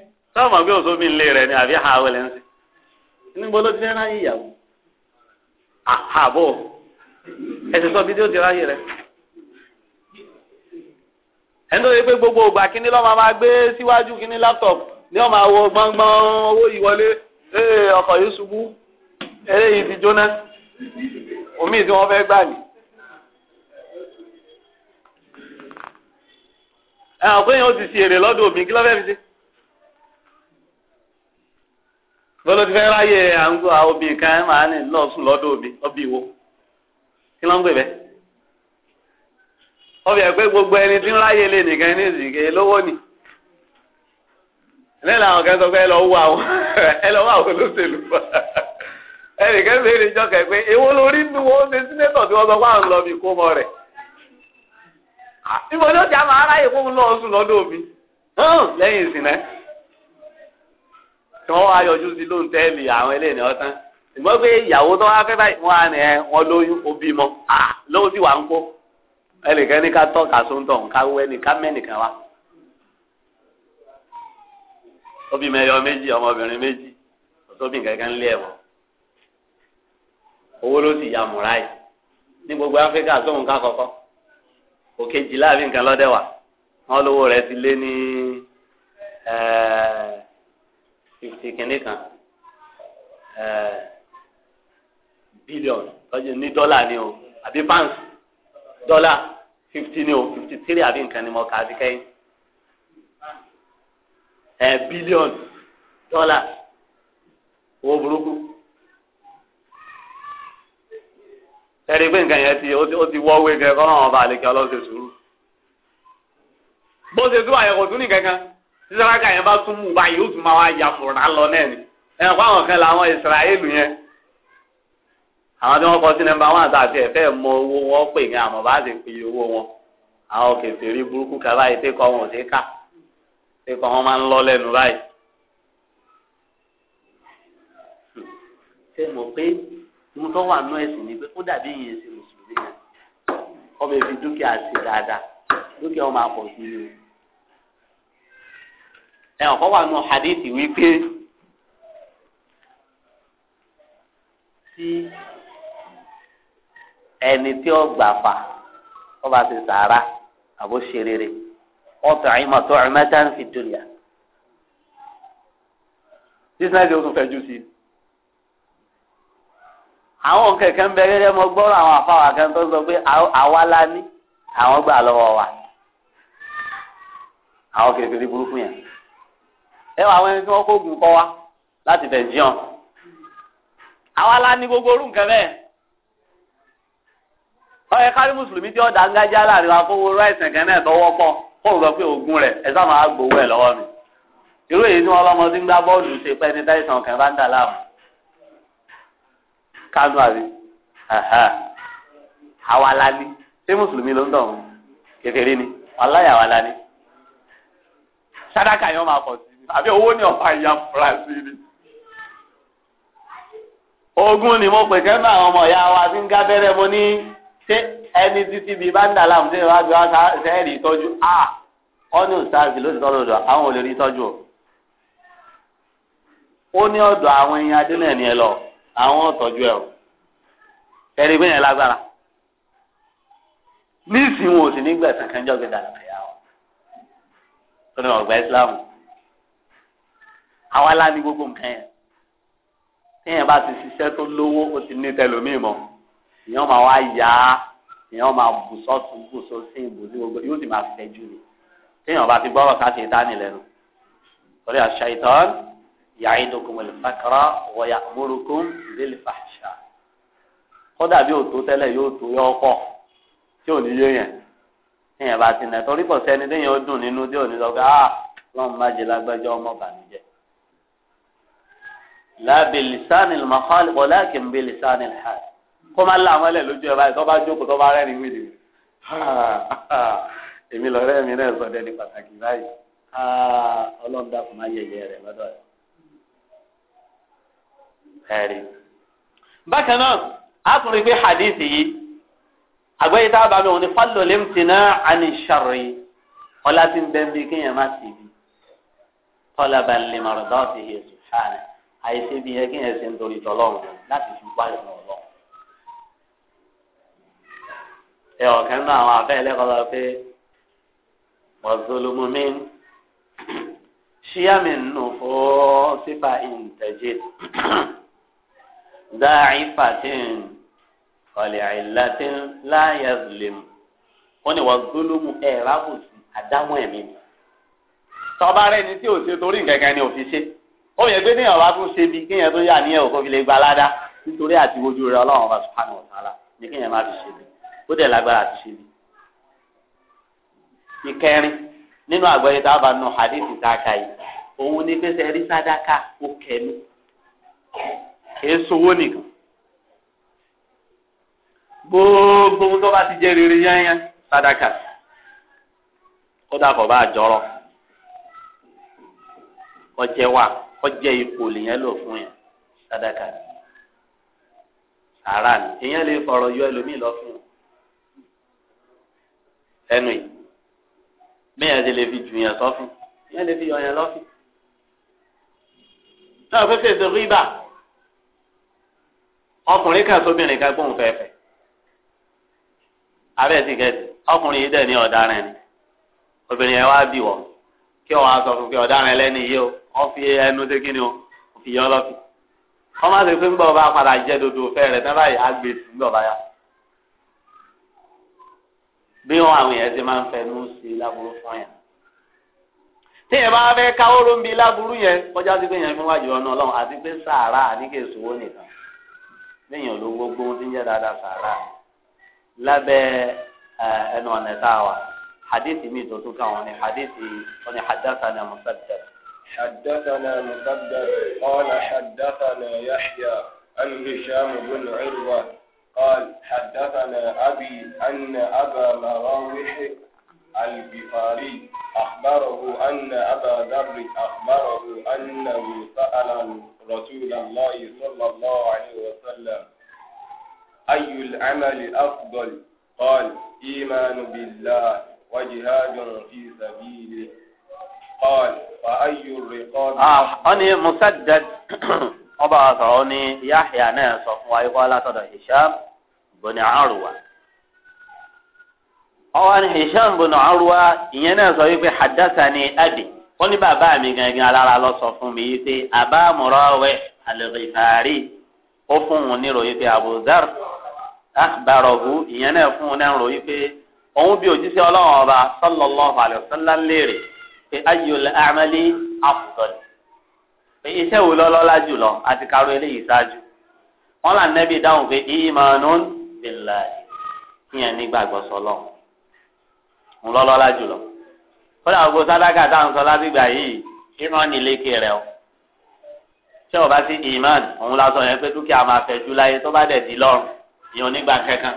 sọ́ọ̀mù àgbẹ̀ òṣò mi lè rẹ̀ ni àbí ha wẹ̀lẹ̀ ń sè níbo ló ti ráyè ìyàwó àbọ̀ ẹ̀sìn sọ bí tí ó ti ráyè rẹ̀ ẹni tó yẹ pé gbogbo ògbà kínní lọ́mọ máa gbé síwájú kínní láptọ̀pù ní ọmọ àwọ gbọ́ngbọ́n owó yìí wọlé ee ọkọ̀ yìí ṣubú eléyìí ti jóná omi tí wọ́n fẹ́ gbà ní. ẹ̀ ọ̀pẹ́ yẹn ó ti ṣe èrè lọ́dọ̀ òbí kí ló fi ṣe. bọ́lọ́dún fẹ́ ráyè à ń gbọ́ àwọn kan máa ní lọ́ọ̀sùn lọ́dọ̀ òbí ọbí wo kí ló ń pè bẹ́ẹ̀. pé gbogbo ẹni tí ń ráyè lè nìkan ní ìsìnkè lówó ni. ẹni àwọn kan sọ pé ẹ lọ wọ àwọn ẹ lọ wọ àwọn olóṣèlú pé èwo lórí wo ṣe sínétọ̀ tí wọ́n sọ fáwọn lọ kó mọ rẹ̀. Ah, ìbọn lọ́dọ̀ òbí lẹ́yìn ìsìn tí wọ́n wá yọjú sí lóńtẹ́ẹ̀lì àwọn eléyìí ni ọ̀tán pé ìyàwó tó wá fẹ́ báyìí wọ́n á ní ẹ wọ́n lóyún mọ́ bímọ lówó sì wà ń kó ẹnìkan ní ká tọ́ka sóńtọ̀ ń káwó ẹnìkan mẹ́nìkan wá. mẹ́yọ méjì ọmọbìnrin méjì kankan ń lé ya yìí ní gbogbo áfíríkà sóhun ká kọ́kọ́ nǹkan lọ́dẹ̀ wà wọ́n lówó rẹ̀ fifty kìíní kan eh, billion lọ́jọ́ ní dọ́là ni o àbí pounds dọ́là fifty ni o fifty three àbí nǹkan ni mo kà á sí kẹ́yìn ẹ eh, billion dọ́là owó burúkú ẹ̀rí pé nǹkan yẹn ti ó ti wọ́ wé gẹ́gẹ́ kọ́ náà wọn bá àlekẹ́ ọlọ́sẹ̀ sùúrù bó ṣe tún àyẹ̀kọ́ tún nìkankan tí yẹn bá tún mú báyìí ó tún máa wá ya fòrà lọ náà ni ẹnì àwọn kan làwọn ìsirahélù yẹn àwọn tí wọn kọ sí nọ́mbà wọn àtàtì ẹ mọ owó wọn pè ní àmọ́ bá ti fi owó wọn àwọn kèsì rí burúkú ká báyìí tí kò wọn ò sí ká tí kò wọn máa ń lọ lẹ́nu báyìí. ṣé mo pé mo tọ́ wà nú ẹ̀sìn ni pé kó dàbí ìyẹn sí mùsùlùmí ọmọ èfi dúkìá sí dáadáa dúkìá wọn máa pọ̀ o ẹ ọ̀kọ́ wà nù hadith wípé tí ẹni tí ó gbà fà ó bá ti sàárà àbó ṣe rere ọ̀tọ̀ àyìnbó tó ẹ̀mẹ́ta ń fi dunya. bísíǹsì ó tún fẹ́ jù sí i àwọn kẹ̀kẹ́ ń bẹ gẹ́gẹ́ mọ gbọ́rọ̀ àwọn àfáwà kan tó sọ pé àwa la ní àwọn gbà lọ́wọ́ wa àwọn kẹ̀kẹ́ rí burúkú yẹn ẹ wà àwọn ẹni tí wọ́n kó oògùn kọ́ wa láti Belgium àwa la ní gbogbo orú nǹkan bẹ́ẹ̀ ọyẹ kárí mùsùlùmí tí ọ̀dà ń gájá láàrin wa fún owó ráìsàn kan náà tọwọ́ pọ̀ kó o rọ pé oògùn rẹ̀ ẹ sáà máa gbowó ẹ̀ lọ́wọ́ mi irú èyí tí wọ́n lọ́mọ tí ń gbá bọ́ọ̀lù ṣe pẹ́ ní táìsàn kan bá ń dà láàmú kánú àbí àwa la ní ṣé mùsùlùmí ló ń dọ̀ wọn kékeré ni wàláyà àwa la ní sádàkà yẹn máa pọ̀ sí àbí owó ni ọ̀pá ìyá fura sí ni. ogun ni mo pè kẹ́nu àwọn ọmọ ìyá wa ti ń gábẹ́rẹ́ mo ní ṣé ẹni títí bíi bá ń dà láàmú sínú ìwádìí wa sẹ́ẹ̀rì ìtọ́jú a wọ́n ní òṣìṣẹ́ ló ti tọ́ lọ́dọ̀ àwọn ò lè rí ìtọ́jú o. ó ní ọ̀dọ̀ àwọn ẹyin adé náà ni ẹ lọ àwọn ọ̀tọ́jú ẹ o ẹ̀rí gbé yẹn lágbára nísìnyí wọn ò sì ní gbẹ̀sán kẹjọ́ gbẹ̀dà lọ́kẹ́yà wọn àwa la ní gbogbo nǹkan yẹn téèyàn bá ti ṣiṣẹ́ tó lówó ó ti ní tẹlómi mọ́ èèyàn máa wá yá èèyàn máa bù sọ́tún bù sósìn bù sí gbogbo yóò sì máa fẹjú ni téèyàn bá fi gbọ́rọ̀ ká ṣe dání lẹ́nu torí ash-shaytan ya'idukumul fakra wa ya'murukum bil fahsha kódà bí òtó tẹ́lẹ̀ yóò tó yọ ọkọ̀ tí ò ní yé yẹn téèyàn bá ti lábìlísánì màkàlì ọ̀làkì ń bìlísánì ha kó má láwọn ẹlẹ́ lójú ẹ báyìí tó bá jókòó tó bá rẹ́rìn wí ni èmi lọ́rẹ́ mi náà sọ dẹni pàtàkì báyìí ọlọ́run dàkú má yẹyẹ rẹ lọ́dọ̀ rẹ. ẹ̀rí bákan náà a tún rí pé hadith yìí àgbẹ̀yìí tá a bá mi òun ni fálọ̀ lẹ́mtìnà àní sàròyìn ọlá ti ń bẹ́ẹ̀ bí kéèyàn má sì bí tọ́lá bá mọ̀rọ̀ dọ́ọ̀tì yìí àìsí bí yẹn kí yẹn ṣe ń torí tọlọ́run láti fi wá ìmọ̀ ọlọ́run. ẹ ọ̀kẹ́ ń bá àwọn afẹ́ ẹlẹ́kọ̀ọ́ lọ pé wọ́sọ̀lùmù mi ṣíyàmì nù fún sífà ìǹtẹ̀jẹ̀ dáàí fàtín ọ̀lẹ̀ àìlátín láàyè zùlẹ̀mù wọ́n ní wọ́sọ̀lùmù ẹ̀ rábùsì àdámọ́ ẹ̀mí. tọ́ba rẹ̀ ni tí ò ṣe torí nǹkan kan ni ò fi ṣe ó yẹ pé níyàn bá tún ṣe bí kéèyàn tó yà níyàn òkò fi lè gba aládá nítorí àti wojú rẹ ọlọ́run ọba subhanahu wa ta'ala ni kéèyàn má fi ṣe bí ó dẹ̀ lágbára àti ṣe bí. ìkẹrin nínú àgbẹ̀yẹ tá a bá nu hadithi tá a ka yìí òun ni pé sẹ́ rí sádàkà ó kẹnu kìí sowó nìkan gbogbo tó bá ti jẹ́ rere yányá sádàkà kódà kò bá jọrọ ọjẹ wà kọjá ipò lèyàn lò fún yẹn sádàkà ni sàrà ni èyàn lè fọ̀rọ̀ yọ ẹlòmíì lọ fún un ẹnu yìí bẹ́ẹ̀ ti lè fi jù yẹn sọ́fìn èyàn lè fi yọ yẹn lọ́fìn náà fẹ́fẹ́ ṣe rí bá ọkùnrin kan sóbìnrin kan gbóhùn fẹ́fẹ́ abẹ́ẹ̀ kẹ́sì ọkùnrin yìí dẹ̀ ní ọ̀daràn ni obìnrin yẹn wá bì wọ́n. kí ọ̀wá sọ fún kí ọ̀daràn ẹlẹ́ni yìí o fi ẹnu ṣe kíni o kò fi yọ wọ́n padà jẹ́ dodo fẹ́ rẹ̀ tẹ́ báyìí àgbèsì ń gbọ̀ báyà. bí wọn àwọn èèyàn ti máa ń fẹnu sí i láburú fún yẹn. tí yẹn bá fẹ́ káwó ló ń bi láburú yẹn kọjá sí pé yẹn wájú ọ̀nà ọlọ́run àti pé sàárà nìkan léèyàn ló tí ń jẹ́ dáadáa sàárà lábẹ́ ẹnu حديث مين دوتو كان حديث حدثنا مسدد حدثنا مسدد قال حدثنا يحيى عن هشام بن عروة قال حدثنا أبي أن أبا مراوح البخاري أخبره أن أبا ذر أخبره أنه سأل رسول الله صلى الله عليه وسلم أي العمل أفضل قال إيمان بالله وجهاد في سبيله قال فأي الرقاب آه أني مسدد أبا أثروني يحيى ناس وقال ترى هشام بن عروة أوان هشام بن عروة ينا زويب حدثني أبي قل بابا من قال على الله صفهم بيتي أبا مراوح الغفاري ó fún un ní ròyìn pé Abu Dharr akhbarahu ìyẹn náà fún un náà ròyìn pé òun bí òjíṣẹ́ ọlọ́run ọba sallallahu alayhi wa sallam léèrè pé ayyul a'mali afdal pé iṣẹ́ wo lọ́lọ́lá jùlọ àti karo eléyìí ṣáájú wọn là nẹ́bí dáhùn pé imanun billahi ìyẹn nígbàgbọ́ sọlọ ń lọ́lọ́lá jùlọ kódà gbogbo sádàkà táwọn sọ látìgbà yìí ìmọ̀ọ́nì lékè rẹ o tí o bá sí ìmọ̀ọ́nì òun lásán yẹn pé dúkìá máa fẹ́ jù láyé tó bá dẹ̀ di lọ́rùn ìyẹn onígbà kankan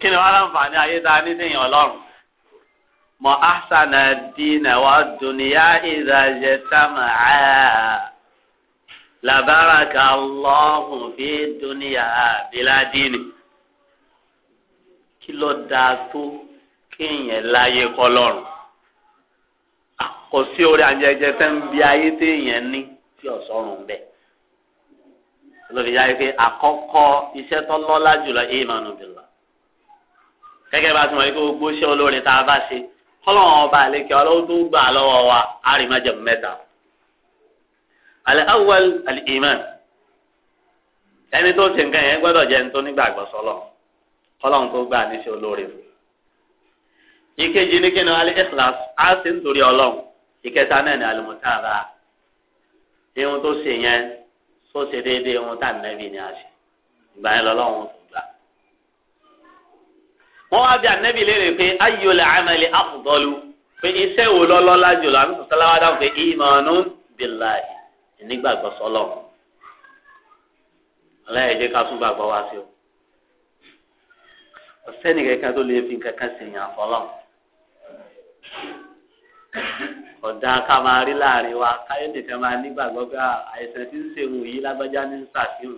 kí ni wọ́n láǹfààní ayé ta ní sẹ́yìn ọlọ́run. mọ asana dina wa duniya ìdájẹ tàmà á labaraka lọ́hùn fi duniya biladini. kí ló dáa tó kéèyàn láyé kọlọ́run kò sí orí àjẹjẹ tẹ́ ń bi ayé téèyàn ní tí ọ̀sọ́run bẹ́ẹ̀ lórí yáa pé àkọ́kọ́ iṣẹ́ tó lọ́lá jùlọ ìmánu bìlá gẹ́gẹ́ bá a ti mọ̀ wípé gbogbo iṣẹ́ olóore tá a bá ṣe kọ́lọ́wọ́n ọba àlekè ọlọ́wọ́ tó gbà lọ́wọ́ wa á rí májẹ̀mú mẹ́ta. àlẹ́ awọ́l àlẹ́ iman ẹni tó ṣe nǹkan yẹn gbọ́dọ̀ jẹ́ ẹni tó nígbàgbọ́ sọ́lọ̀ kọ́lọ́wọ́n tó gbà níṣẹ́ olóore fún. ìkejì ní kí ni alẹ́ ikhlas á sì ń torí ọlọ́run ìkẹta náà ni alimutaba ihun tó ṣe yẹn tó ṣe déédéé ihun tá wọ́n wá bí anabi léèrè pé ayyul amali afdalu pé iṣẹ́ wo lọ́lọ́lá jùlọ àmì sọ̀tàlá wa dáhùn pé ìmọ̀ọ́nù billahi ìnígbàgbọ́ sọlọ ọlọ́yẹ̀ ká tún gbàgbọ́ wá sí o ọ̀sẹ́ni kankan tó lè fi kankan sì yàn ká máa rí láàrin wa káyọ̀dé kan máa nígbàgbọ́ pé ah, àìsàn ń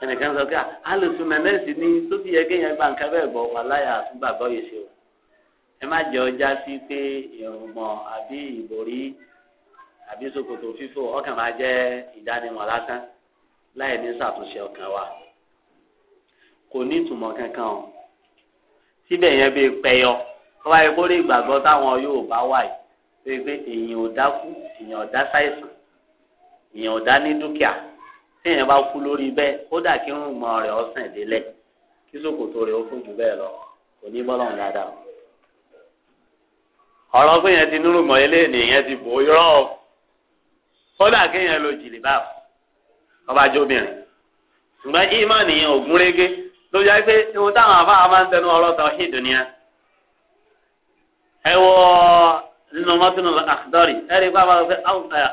ẹnìkan sọ pé alùsùn ah, nẹ̀nẹ́sì ni tó ti yẹ kéèyàn gba nǹkan bẹ́ẹ̀ bọ̀ wà láyà àtúgbàgbọ́ yìí ṣe o ẹ má jẹ́ ọjà sí pé ìrùmọ̀ àbí ìbòrí àbí ṣòkòtò fífò ọkàn máa jẹ́ ìdánimọ̀ lásán láì ní ṣàtúnṣe ọkàn wa kò ní ìtumọ̀ kankan o síbẹ̀ yẹn bí pẹyọ wọ́n wáyé kórè ìgbàgbọ́ táwọn yóò bá wà yìí pé èèyàn ò dákú èèyàn ò dá ṣàìsàn èèyàn ò dá ní dúkìá téèyàn bá kú lórí bẹ́ẹ̀ kódà kí ń mọ rẹ̀ ọ̀sẹ̀ délẹ̀ kí sòkòtò rẹ̀ ó fún jù bẹ́ẹ̀ lọ kò ní bọ́lọ̀ dáadáa. ọ̀rọ̀ pé yẹn ti nírú mọ̀ ilé nìyẹn ti bò yọ̀ ọ́ kódà kí yẹn lo jìlì bá ọba jóbìnrin ṣùgbọ́n ìmọ̀ nìyẹn ògún régé ló yá pé ohun táwọn afáà máa ń tẹnu ọ̀rọ̀ sọ ṣì dùn ẹ wọ nínú mọ́tò àkàdọ́rì ẹ rí i pé àwọn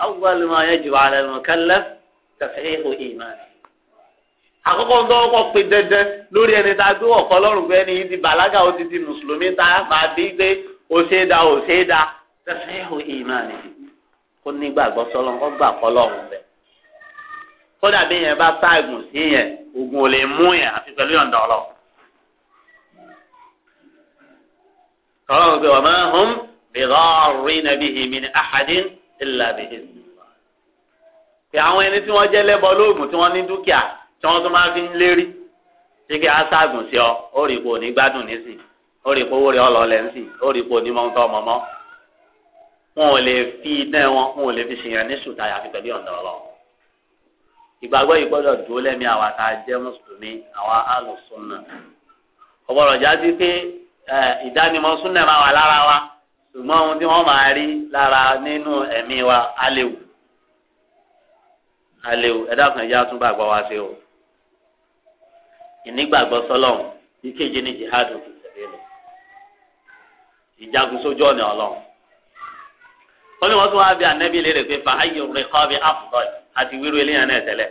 ọ̀gbọ́n lè máa yẹ jù wà lẹ́nu kẹ́lẹ́ tẹ̀síhìhù ìmánì. àkọ́kọ́ ń tọ́wọ́ pé dandan lórí ẹni tá a gbé wọ̀kọ́ lọ́rùn pé ẹni yìí ti bàlágà ó ti di mùsùlùmí tá a máa bí pé ó ṣe é da ó ṣe é da tẹ̀síhìhù ìmánì. kó nígbàgbọ́ sọ́lọ́n kó gbà kọ́ bẹ́ẹ̀. kódà bí yẹn bá tá sí yẹn ògùn ò lè mú yẹn àfi pẹ̀lú yọ̀ǹda ọlọ́ pé wàmọ́ hum bìrọ̀ rí nàbí hìmí àhàdín ìlà bìhìmí àwọn ẹni tí wọ́n jẹ́ lẹ́bọ lóògùn tí wọ́n ní dúkìá tí wọ́n tún máa fi ń lérí tí kì á ságùn sí ọ ó rí ipò ní gbádùn nísìn ó rí ipò owó rẹ ọlọlẹ nísìn ó rí ipò onímọ̀ ńtọ́ ọmọ mọ́ wọn ò lè fi iná wọn wọn ò lè fi ṣèyàn ní sùtà àfi pẹ̀lú ọ̀nà ọlọ́run ìgbàgbọ́ yìí gbọ́dọ̀ dúró lẹ́mí àwa tá a jẹ́ mùsùlùmí àwa alùsùnà ọ̀gbọ́dọ̀ já sí pé ìdánimọ̀ súnà máa wà lára wa ṣùgbọ́n ohun tí wọ́n máa rí lára nínú ẹ̀mí wa á léwu aléwu ẹ̀dá kan ẹ̀yà tún gbàgbọ́ wá sí o ìnígbàgbọ́ sọlọ́n ìkejì ní jihadu fi tẹ̀lé lọ ìjagun sójú ọ̀nà ọlọ́run ó ní wọ́n tún wá bí anẹ́bí lè rè pé fa ayé rẹ̀ kọ́ bí àfùtọ́ àti wíru eléyàn náà tẹ́lẹ̀.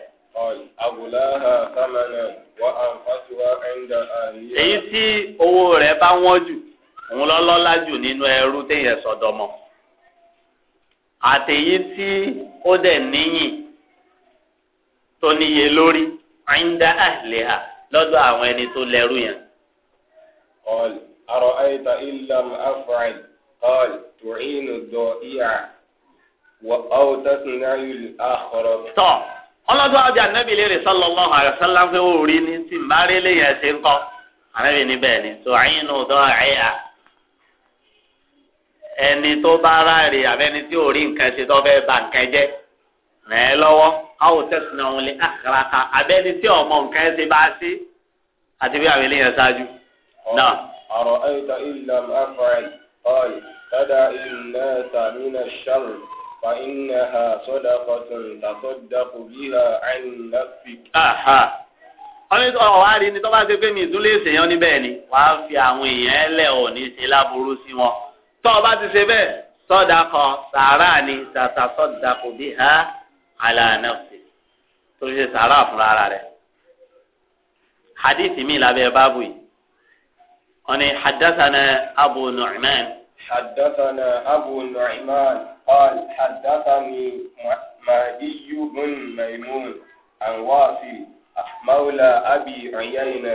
èyí tí owó rẹ̀ bá wọ́n jù òun lọ́lọ́lá jù nínú ẹrú téèyàn sọ̀dọ̀mọ́ àtèyí tí ó dẹ̀ níyìn. tó níye lórí àyíndá àhìlẹ́hà lọ́dọ̀ àwọn ẹni tó lẹ́rú yẹn. قال أرأيت إن لم أفعل قال تعين الضائع أو تصنع الآخر. tọ́ ọlọ́dún àbí ànábì lè rè sallallahu alaihi wasallam pé ó tí n bá rí léyìn ẹ̀sìn kọ́ ànábì níbẹ̀ ni ẹni tó bá àbẹ́ni tí nǹkan ṣe tó fẹ́ ba nǹkan jẹ́. ràn ẹ́ lọ́wọ́ àwọn tẹ̀sán náà wọlé àkàràkà ah, abẹ́ni tí ọmọ nǹkan ẹ̀ ṣe bá ṣe àti bí àwọn eléyàn ṣáájú. náà. ọ̀rọ̀ ẹ̀yìnkà ìlà afrẹ̀ ọ̀yì tádà iná tàmínà ṣàrù fa iná ha sọ́dà kọ̀tún tàtọ́dà kò bí ha àìnà fi. ọ̀rẹ́ tó ọ̀wá rí ni tó bá ṣe pé mi ìdúlé ìṣèyàn níbẹ̀ ni wàá fi àwọn èèyàn ẹlẹ́ òní ṣe láburú sí wọn tó o bá ti ṣe bẹ́ẹ̀ sọ́dà kan sàárà ni tàtà sọ́dà kò bí ha aláàánáfẹ tó ṣe sàárà fúnra ara rẹ̀ hadith mi lábẹ́ báàbù yìí wọ́n ní hadathana abu nu'man. hadathana abu nu'man qal hadathani mahdi bin maimun an wafi mawla abi uyayna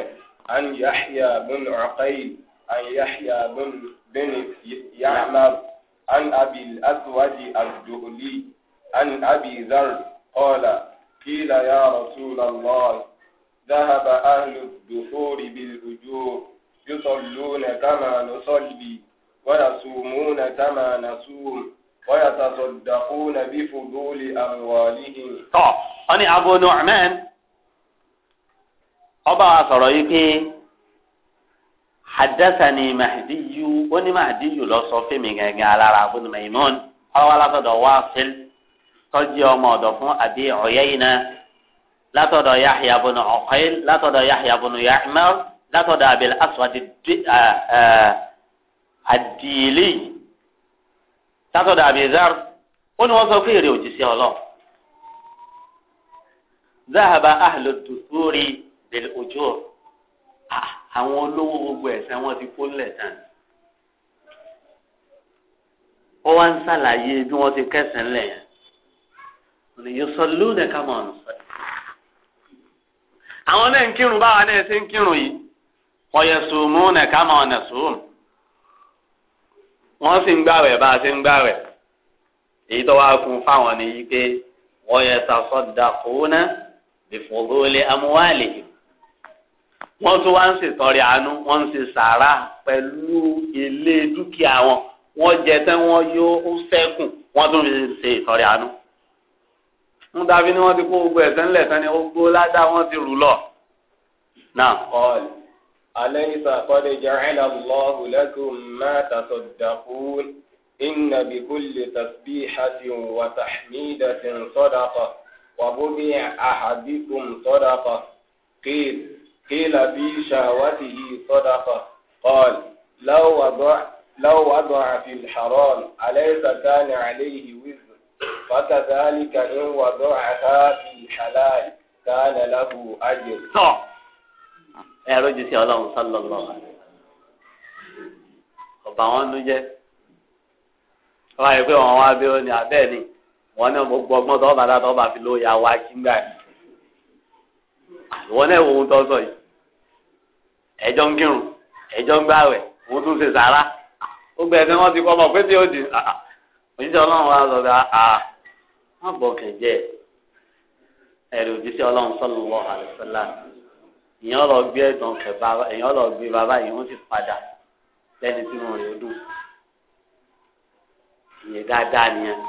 an yahya bin uqayl an yahya bin bin ya'mar an abi al-aswad عن أبي ذر قال قيل يا رسول الله ذهب أهل الدحور بالأجور يصلون كما نصلي ويصومون كما نصوم ويتصدقون بفضول أموالهم طب أنا أبو نعمان أبا صرايكي حدثني مهدي وني مهدي لو صفي من على رابن ميمون أو على tọ́jú ọmọ ọ̀dọ̀ fún àbí ọ̀yẹ́yìnà látọ̀dọ̀ yahya bùnú ọ̀kẹ́yìn látọ̀dọ̀ yahya bùnú yahmar látọ̀dọ̀ abil aswad àdìlì látọ̀dọ̀ abizar ó ní wọ́n sọ fún èrè òjíṣẹ́ ọlọ́ zahaba ahlu dusuri bil ujur àwọn olówó gbogbo ẹ̀sẹ̀ wọn ti kó lẹ̀ tán ó wá ń ṣàlàyé bí wọ́n ti kẹsàn-án lẹ̀ yusalluna kama nusalli àwọn náà ń kírun báwa náà ṣe ń kírun yìí wa yasumuna kama nasum wọ́n sì ń gbàwẹ̀ bá a ṣe ń gbàwẹ̀ èyí tó wáá kún fáwọn ni yìí pé wa yatasaddaquna bi fuduli amwalihim wọ́n tún wá ń ṣètọrẹ àánú wọ́n ń ṣe sàárà pẹ̀lú ilé dúkìá wọn wọ́n jẹ tán wọ́n yóò ṣẹ́kù wọ́n tún fi ṣe ìtọrẹ àánú ń dàbí ni wọ́n ti kó gbogbo ẹ̀sẹ̀ ńlẹ̀ sẹ́ni ogbó ládàá wọ́n ti rù lọ. náà kọ́ọ̀lù alẹ́ ìsàkọ́lẹ̀ jẹ́rẹ́lá lọ́hùn lẹ́kùn mẹ́ta tó dàkú inna bi kulli tasbihatin wa tahmidatin sadaqa wa bubi ahadikum sadaqa qil qila bi shawatihi sadaqa qal law wada law wada fi al-haram alaysa kana alayhi wizr فكذلك إن وضعها في حلال كان له أجر. صح. يا رجل يا الله صلى الله عليه وسلم. ọba wọn nu jẹ ọba yìí pé wọn wá bí ó ní abẹ́ ni wọn náà gbogbo ọgbọ́n tó dá tó fi ló ya wá kí yìí wọn náà wo ohun tó sọ yìí ẹjọ́ ń kírun ẹjọ́ ń gbàwẹ̀ òun tún ṣe sàrà ó gbẹ ẹsẹ̀ ti kọ́ ọmọ pé tí ó di ah, ah òjíṣẹ́ ọlọ́run wa sọ pé àà má bọ̀ kẹ̀jẹ́ ẹ̀rù òjíṣẹ́ ọlọ́run sọ́nù wọ àlùfẹ́lá ìyẹn lọ gbé ẹ̀dùn kẹ̀bá ìyẹn lọ gbé bàbá yìí wọ́n sì padà lẹ́ni tí wọ́n yóò dùn ìyẹn dáadáa nìyẹn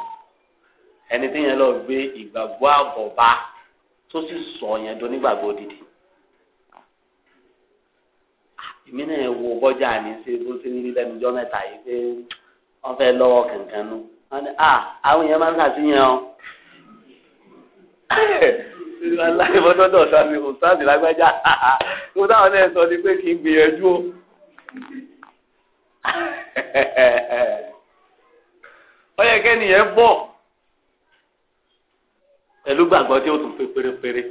ẹni tí yẹn lọ gbé ìgbàgbọ́ àbọ̀bá tó sì sọ yẹn do nígbàgbọ́ òdìdí èmi náà wo bọ́jà ní ṣe bó ṣe ń lẹ́nu jọ́ mẹ́ta yìí pé wọ́n fẹ́ lọ́wọ́ kankan nù wọn ni ah, àwọn èèyàn máa ń ṣàtìyàn o aláìmọ́tọ́tọ̀ sáàmì òsáàmì lágbájá mo táwọn náà sọ ni pé kì í gbìyànjú o ó yẹ kẹ́niyẹn bọ̀ pẹ̀lú gbàgbọ́ tí ó tún pé pérépéré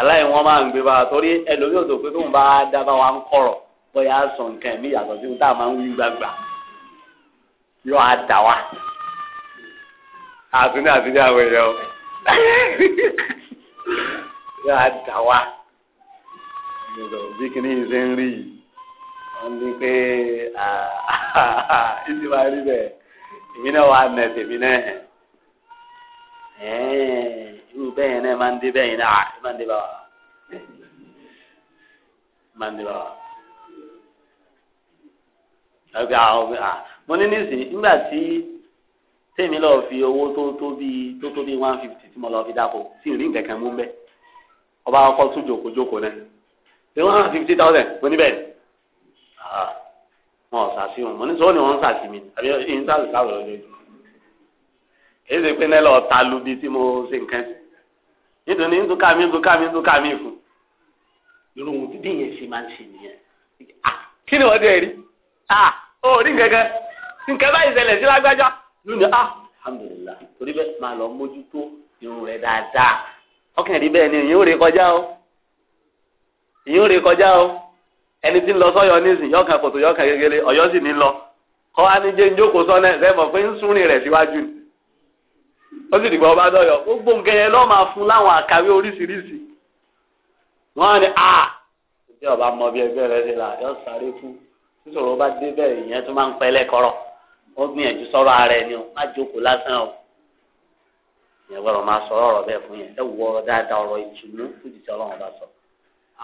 aláì wọn máa ń gbé bá a torí ẹlòmíì tó pé tóun bá dá wa ń kọ̀rọ̀ bóyá sọ nǹkan yàtọ̀ sí ohun tá a máa ń wí gbàgbà yọ àdá wa àtúndì àtúndì àwọn èèyàn yọ àdá wa bí kìíní ṣe ń rí yìí ní pé ìdí máa rí bẹ́ẹ̀ èmi náà wà nẹ̀ tèmi náà irú bẹ́ẹ̀ náà máa ń dé bẹ́ẹ̀ náà máa ń dé bá máa ń dé bá mo ní nísìnyí nígbà tí tèmi lọ fi owó tó tó bíi tó tó bíi one fifty tí mo lọ fi dáko tí ò ní nǹkan kan mú bẹ́ẹ̀ ọba akọ tún jòkó jòkó náà ṣé one fifty thousand mo ní bẹ́ẹ̀ ah, wọn ò sàṣì wọn mo ní sọ ni wọn ń sàṣì mi àbí ẹyin sàṣì sáwọ lójoojú èyí ṣe pé nílò ọ̀tá lu tí mo ṣe nǹkan sí nítorí ntúkà mi ntúkà mi ntúkà mi fún irú ohun tí bí yẹn ṣe máa ń ṣe nìyẹn ah, kí ni wọ́n dẹ̀ rí ah ó rí nǹkan nǹkan báyìí ṣẹlẹ̀ sí lágbájá lónìí ah alhamdulilah torí bẹ́ẹ̀ máa lọ mójútó irun rẹ̀ dáadáa ọkàn rí bẹ́ẹ̀ ni ìyẹn ò kọjá o ìyẹn ò kọjá o ẹni tí ń lọ sọ́yọ́ nísìn yọkàn kòtò yọkàn gẹ́gẹ́rẹ́ ọ̀yọ́ sì ní lọ kọ́ wa ní jẹ́ njókòó sọ́nà ẹ̀ sẹ́fọ̀ pé ń súnrin rẹ̀ síwájú ó sì dìgbà ọba dọ̀yọ̀ gbogbo nǹkan yẹn lọ́ọ́ máa fún láwọn àkàwé oríṣiríṣi wọ́n á ní ah, mọ bí ẹgbẹ́ rẹ ṣe yọ sáré fún nítorí dé bẹ́ẹ̀ ó gbìyànjú sọ̀rọ̀ ara ẹni o má jókòó lásán o ìyẹn gbọ́dọ̀ máa sọ̀rọ̀ ọ̀rọ̀ bẹ́ẹ̀ fún yẹn ẹ wọ ọ̀rọ̀ dáadáa ọ̀rọ̀ ìtùnú fújìtì Ọlọ́run bá sọ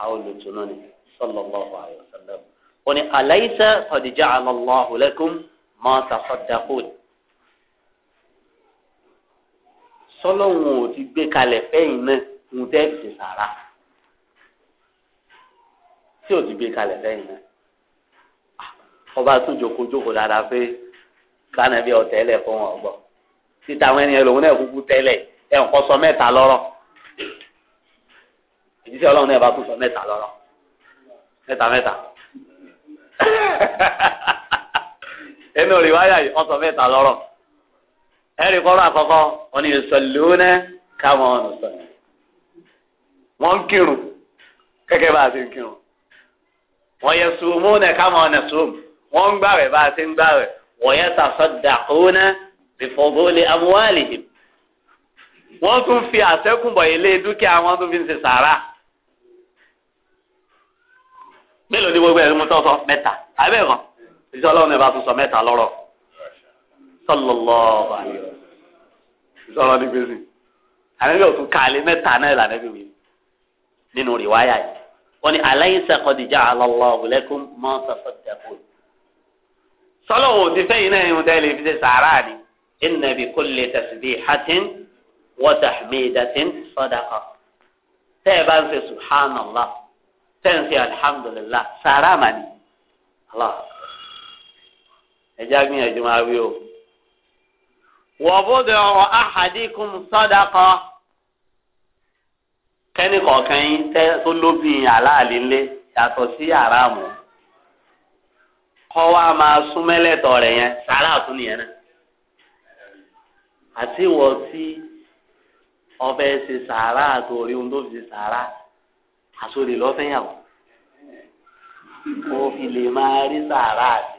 àwọn olùtùnú ni sallallahu alaihi wasallam ó ní alaysa qad ja'ala Allahu lakum ma tasaddaqun sọlọ́run ò ti gbé kalẹ̀ fẹ́yìn náà ń tẹ́ sàrà tí ò ti gbé kalẹ̀ fẹ́yìn náà ah, ọba tún jókòó jókòó dáadáa pé kánàbí ọ̀tẹ́lẹ̀ fún wọn gbọ́ títa àwọn ènìyàn lòun náà kúkú tẹ́lẹ̀ ń kọ́ sọ mẹ́ta lọ́rọ̀ ìdíṣẹ́ ọlọ́run náà bá kú sọ mẹ́ta lọ́rọ̀ mẹ́ta mẹ́ta ẹnu rìwáyà yìí ọ̀sọ̀ mẹ́ta lọ́rọ̀ ẹ̀rí kọ́rọ̀ àkọ́kọ́ wọn ni ìsọ̀lùúnẹ káwọn ọ̀nà ń kírun gẹ́gẹ́ bá a ti ń kírun wọ́n yẹ sùnmùúnẹ káwọn ọ̀nà sùnmù ń gbàwẹ̀ bá a ti ń gbàwẹ̀ wọ̀yẹ́sàsọ́dàkúnà bìfọ̀bọ́lẹ̀ amúhálìhìm. wọ́n tún fi àṣẹ́kùnbọ̀ ilé dúkìá wọn tún fi ń ṣe sàrà. mélòó ni gbogbo ẹ̀rí mu tọ́sọ mẹ́ta abẹ́ẹ̀kan ìṣọ́ ọlọ́run ìbá tún sọ mẹ́ta lọ́rọ̀ sallallahu alaihi sọ̀rọ̀ ní gbèsè ànábì ọ̀tún kàlẹ́ mẹ́ta náà là nẹ́bí wí nínú rìwáyà yìí wọ́n ní aláìsàn kọ́dìjà alọ́lọ́ ọ̀gbẹ́lẹ́kùn tọ́lọ̀ wò ti fẹ́ yìí náà ìhun tẹ́lẹ̀ fi ṣe sàárà ni inna bi kulli tasbihatin wa tahmidatin sadaqa tẹ́ ẹ bá ń ṣe subhanallah tẹ́ ń ṣe alhamdulillah sàárà mà ni Allah ẹ já gbìyànjú máa wí o. wa bud'u ahadikum sadaqa kẹ́nìkọ̀ọ̀kan yín tó lóbi àlàálí yàtọ̀ sí àràmù. kọ́ wa máa súnmẹ́lẹ̀ tọ̀ rẹ̀ yẹn tún nìyẹn náà. àti ìwọ tí ọbẹ̀ ṣe sàrà àti orí ohun tó fi ṣe sàrà àsọ̀rè lọ́fẹ̀yàwó kó fi lè máa rí sàrà àti.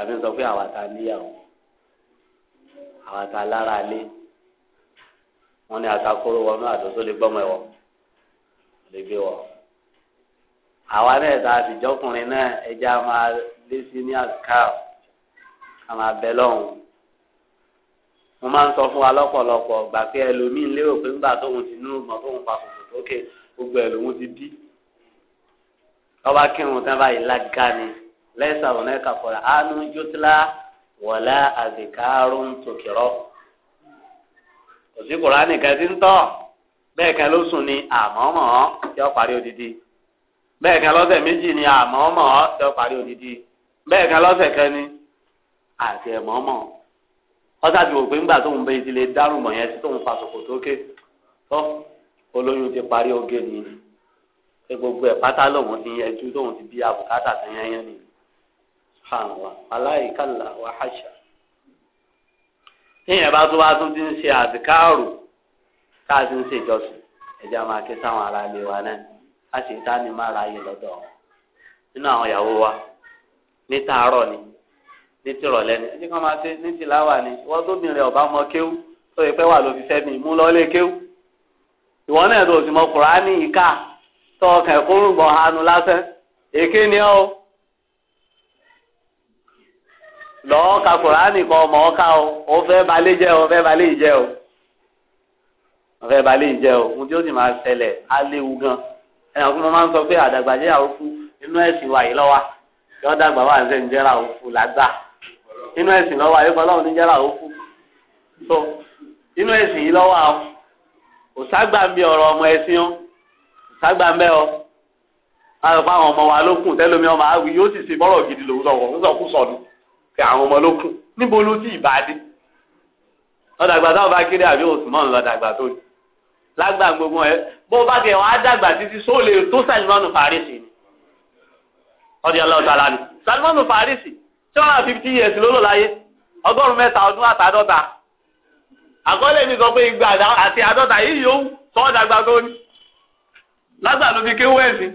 àfi sọ pé àwa ta níyàwó àwa ta lára alé wọn ní atakóró wọnú àdó tó lè gbọmọ ẹwọ lè gbé wọ àwa náà ta àfijọkùnrin náà ẹja máa lé sí ní àkàrà ká máa bẹ lọ́hùn mo máa ń sọ fún wa lọ́pọ̀lọpọ̀ gbà pé ẹlòmíín lérò pé nígbà tóun ti nú ìgbọ̀n tóun pa kòkò sókè gbogbo ẹlòmíín ti bí ọba kírun tán báyìí lágá ni lẹ́sà ọ̀nà ẹ̀ka fọ̀rọ̀ àánú jótìlá wọ̀lá àdìkárùn tòkìrọ̀ òsì kùránì kẹsí ń tọ̀ bẹ́ẹ̀ kan ló sùn ní àmọ́mọ́ tí ó parí odidi bẹ́ẹ̀ kan lọ́sẹ̀ méjì ní àmọ́mọ́ tí ó parí odidi bẹ́ẹ̀ kan lọ́sẹ̀ kan ní àti ẹ̀mọ́mọ́ ọ̀sà ti wò pé ńgbà tóun bẹ́ẹ̀ ti lè dárùmọ̀ yẹn tí tóun fa sòkò tókè tó olóyún ti parí oge nìyí gbogbo ẹ̀ pátá lòun ti yẹjú lòun ti bí àbùkátà tó yẹn yẹn nìyí. subhanallah aláìkàlà wà hàṣà téèyàn tó wá tún ti ń ṣe àdìkáàrù tá a ti ń ṣèjọsìn ẹjẹ wa a sì dá ní máa ráyè lọ́dọ̀ àwọn wa ni ní tìrọ̀lẹ́ ni ẹjẹ kan máa ṣe ní ni wọn tó bìnrin ọba mọ kéwú tó yẹ pé wà ló mi mú kéwú ìwọ náà tó sì mọ ìka tó hanu lásán èké ni ọ lọ ka kùránì kan ọmọ ọ̀ka o ó fẹ́ balẹ̀ jẹ́ o fẹ́ balẹ̀ jẹ́ o fẹ́ balẹ̀ jẹ́ o ohun tí ó sì máa ṣẹlẹ̀ á léwu gan inú ẹ̀sìn wa yìí lọ́wọ́ dàgbà wà lágbà inú ẹ̀sìn lọ́wọ́ ní so inú ẹ̀sìn yìí lọ́wọ́ àwọn ọ láti pa ọmọ wa tẹ́lómi ọmọ yóò sì ṣe bọ́rọ̀ gidi pé àwọn ọmọ ló kù níbo ló ti ìbàdí ọ̀dàgbà táwọn bá kéré àbí Usman lọ́dàgbà tó ní lágbà gbogbo ẹ bó bá kẹ wọn á dàgbà títí só lè tó Salmanu Farisi ni ọdí ọlọ́ọ̀tà lánàá Salmanu Farisi tí wọn fifty years ló lò láyé ọgọ́rùn mẹ́ta ọdún àtàdọ́ta àkọọ́lẹ̀ mi sọ pé igba àti àdọ́ta yìí yóò sọ dàgbà tó ní lágbà ló fi kéwọ́ ẹ̀sìn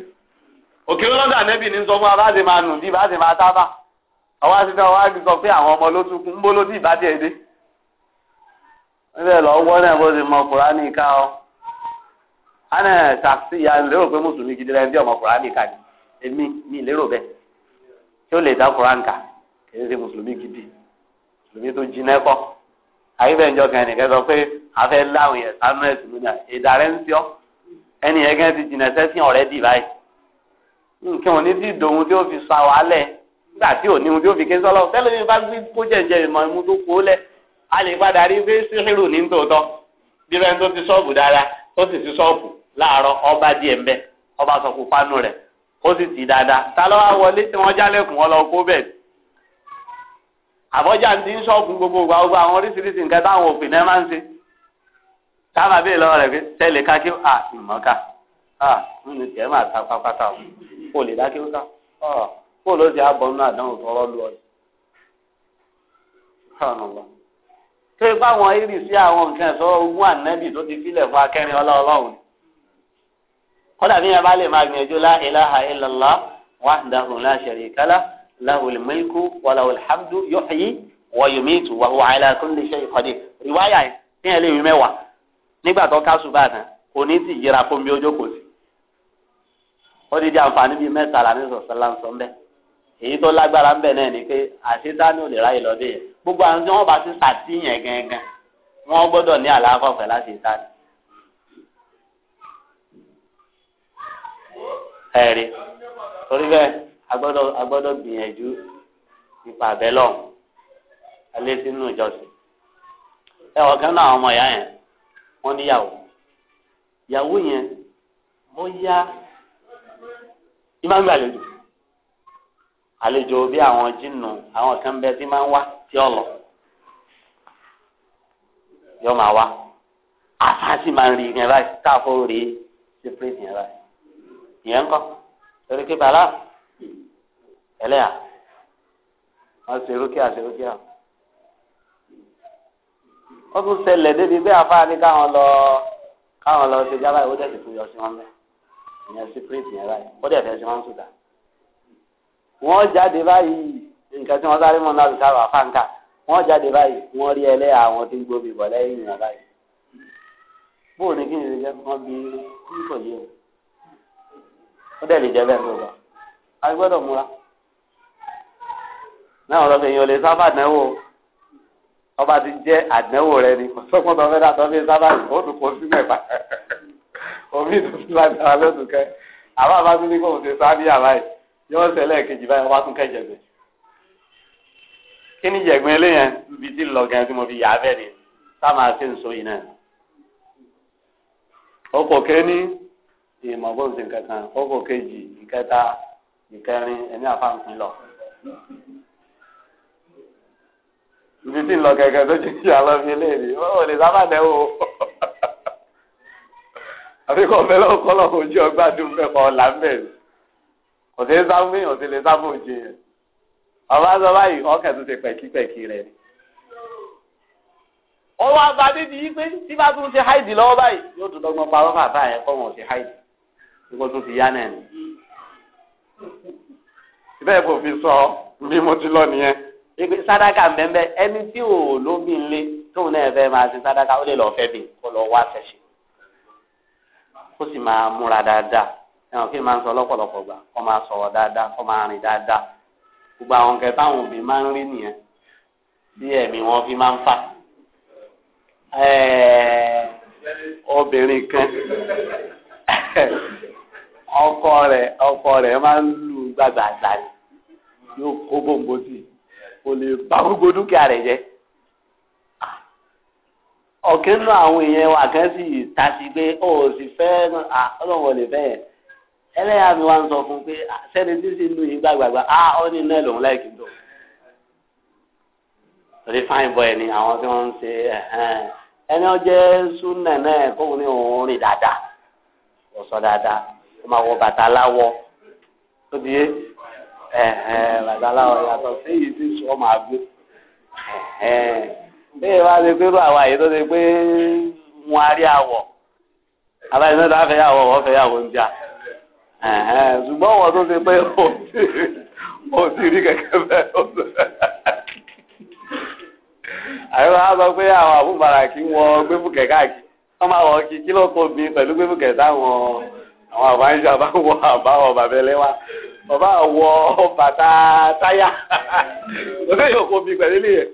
òkè lọ́dà nẹ́bì ọwọ́ àti sọ wá sọ pé àwọn ọmọ ló tún kún bó ló ti ìbádìí ẹ̀ dé níbẹ̀ lọ wọ́n náà bó ti mọ kùránì ká ọ ana taxi ya lérò pé mùsùlùmí gidi lẹni tí ọmọ kùránì ká ni èmi mi lérò bẹ́ẹ̀ tí ó lè dá kùránì ká kìí ṣe mùsùlùmí gidi mùsùlùmí tó jiná kọ́ àyíbẹ̀ ìjọ kan ẹnìkan sọ pé afẹ́ láwọn yẹn sánú ẹ̀sùn lónìí èdè rẹ̀ ń sọ ẹnì yẹn gẹ́gẹ́ ti jìnà sẹ́sìn ọ̀rẹ́ dì báyìí nǹkan ò ní ti dòun tí ó fi nígbà tí ò ní ohun tí ó fi ké sọ́lọ́ tẹ́lẹ̀mí bá gbé kó jẹ̀jẹ̀ ìmọ̀ ìmú tó kó lẹ̀ a lè padà rí pé síhìrù ní tòótọ́ bí bẹ́ẹ̀ tó ti ṣọ́ọ̀bù dáadáa tó sì ti ṣọ́ọ̀bù láàárọ̀ ọba díẹ̀ ńbẹ ọba sọ̀kù fánú rẹ̀ ó sì tì dáadáa ta lọ́wọ́ wọlé tí wọ́n jálẹ̀kùn wọn lọ kó bẹ́ẹ̀ àbọ̀jà ti ń ṣọ́ọ̀bù gbogbo gbogbo àwọn oríṣiríṣi nǹkan táwọn òfin náà máa ń ṣe sábà bẹ́ẹ̀ lọ́wọ́ rẹ̀ pé tẹ́lẹ̀ ká à ah, ìmọ̀ká à ah, nínú tiẹ̀ máa ta pápátá kó ló ti àbọ̀ nínú àdánwò tọrọ lu ọyọ. tó ipá wọn irì sí àwọn nǹkan ẹ̀sọ́ ogún ànẹ́bì tó ti filẹ̀ fún akẹ́rin ọlá ọlọ́run ni. kódà bí yẹn bá lè máa gbìyànjú la ilaha illallah wahdahu la sharika lah lahul mulku wa lahul hamdu yuhyi wa yumitu wa huwa ala kulli shay'in qadir riwaya yẹn ní ẹ lè wí mẹ́wàá nígbà tó ká ṣùgbọ́n àtàn kò ní ti yẹra fún mi ojókòó sí. ó ti di àǹfààní bíi mẹ́ta làní sọ̀sọ́ láǹsọ̀ mbẹ́ èyí tó lágbára ń bẹ̀ náà ni pé àṣetánì ò lè ráyè lọ́dẹ yẹn gbogbo àwọn tí wọ́n bá ti sàtì yẹn gangan wọ́n gbọ́dọ̀ ní àlàáfọ̀fẹ́ láti sàtì. ẹ̀rí torí bẹ́ẹ̀ agbọ́dọ̀ agbọ́dọ̀ gbìyànjú ipa àbẹ́lọ̀ alẹ́ sínú ìjọsìn ẹ ọ̀kan náà àwọn ọmọ ìyá yẹn wọ́n níyàwó ìyàwó yẹn bóyá ìmáàmì àlejò àlejò bí àwọn jinnu àwọn kan bẹ tí máa ń wá tí ọ lọ yọ máa wá àfáàsì máa ń rí yẹn báyìí káfó rí sípírìtì yẹn báyìí ìyẹn ń kọ torí pé bàlá ẹlẹ́yà wọ́n ṣe rúkìá ṣe rúkìá wọ́n tún ṣẹlẹ̀ débi bí àfáà káwọn lọ káwọn lọ ṣe jábáyé ó dẹ̀ sì tún yọ sí wọn bẹ́ẹ̀ ìyẹn sípírìtì yẹn báyìí ó dẹ̀ fẹ́ sí wọn sùdà wọ́n jáde báyìí nǹkan tí wọ́n sáré mọ́ náà lùkà wà fáńkà wọ́n jáde báyìí wọ́n rí ẹlẹ́yà àwọn tí ń gbóbi bọ̀ lẹ́yìn wọn báyìí. bóò ní kí ni ìrìnjẹ́ wọn bí kí kò yé o ó dẹ̀ lè jẹ́ bẹ́ẹ̀ tó lọ a gbọ́dọ̀ múra. náà lọ́sẹ̀ yìí ò lè sábà dánwò ọba ti jẹ́ àdánwò rẹ ni sọ́kùn tó fẹ́ dà tó fi sábà ó tún kó sí mẹ́fà omi ìtúsí lágbára lóṣù kẹ àbá àbá tún ní kó o ṣe sábíà báyìí yóò ṣẹlẹ̀ kejì báyìí wọ́n bá tún kẹ́jẹ̀ gbẹ̀. kí ni jẹ̀gbọ́n eléyẹn ibi tí lọ gan tí mo fi yà á bẹ́ẹ̀ ni tá máa ṣe ń so yìí náà. ọkọ̀ kẹ́ni ìmọ̀ bó ń ṣe nǹkan kan ọkọ̀ kejì ìkẹta ìkẹrin ẹni àfáǹpin lọ. ibi tí lọ kẹ̀kẹ́ tó ti ṣe àlọ́ fi léèrè ó lè sábà dẹ́wò àfikún ọ̀fẹ́ lọ́kọ́ ojú ọgbà dùn fẹ́ kọ́ ọ̀là mẹ́rin kò sí sáfù bí yàn òjì yẹn ọba sọ báyìí ọkàn tó ti pẹ̀kípẹ̀kí rẹ ọwọ́ àgbà bíbí yí pé tí bá tún ṣe háìdì lọ́wọ́ báyìí yóò tún dọ́gbọ́n parọ́ fàtà yẹn kọ́ wọn ṣe háìdì nígbà tó ti yá náà ni. bẹ́ẹ̀ kò fi sọ bí mo ti lọ nìyẹn ìpè sádàkà mbẹ́mbẹ́ ẹni tí ò lóbi ńlé tóun náà fẹ́ máa ṣe sádàkà ó lè lọ́ọ́ fẹ́ bì kó lọ wá ṣẹ̀ṣẹ̀ kó sì máa múra dáadáa. ẹ̀wọ̀n kí n máa ń sọ lọ́pọ̀lọpọ̀ gbà kọ́ máa sọ̀rọ̀ dáadáa kọ́ máa rìn dáadáa gbogbo àwọn nǹkan táwọn òbí máa ń rí nìyẹn bí ẹ̀mí wọn fi máa ń fà obìnrin kan ọkọ rẹ ọkọ rẹ máa ń lu yóò kó sí kò lè bá gbogbo dúkìá ọ̀kẹ́ àwọn èèyàn wà ẹlẹ́yà mi wá ń sọ fún un pé ah, sẹ́ni tí sì ń lu yìí gbàgbàgbà á ah, ó ní iná lòún láì kí n tó. torí fáìn bọ́ẹ̀ ni àwọn tí wọ́n ń ṣe ẹni ọjẹ́ súnà náà kóun ní òun rìn dáadáa ọ̀sọ́ dáadáa ó máa wọ bàtà aláwọ̀ tó di bàtà aláwọ̀ yàtọ̀ sí èyí tí sọ máa gbé. bẹ́ẹ̀ wá ṣe pé irú àwa yìí tó ṣe pé wọn á rí àwọ̀ abáyé náà tó á fẹ́ yàwọ̀ wọ́n fẹ́ yàwọ̀ ń jà ṣùgbọ́n wọn tó ṣe pé ó ti rí kẹ̀kẹ́ bẹ́ẹ̀ ó ṣe àyẹ̀wò á sọ pé àwọn àbúbàrà kí wọ́n gbébùkẹ̀ káàkiri wọ́n máa wọ̀ kí kí ló kó bí pẹ̀lú gbébùkẹ̀ táwọn àwọn àbáńṣe àbáwọ̀ àbáwọ̀ bàbẹ́lẹ́wà bàbá wọ bàtà táyà lọ́sẹ̀ yóò kó bí pẹ̀lú ilé yẹn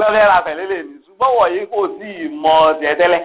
lọ́sẹ̀ ra pẹ̀lú ilé mi ṣùgbọ́n wọ̀nyí kò sí ìmọ̀ tẹ̀tẹ́lẹ̀.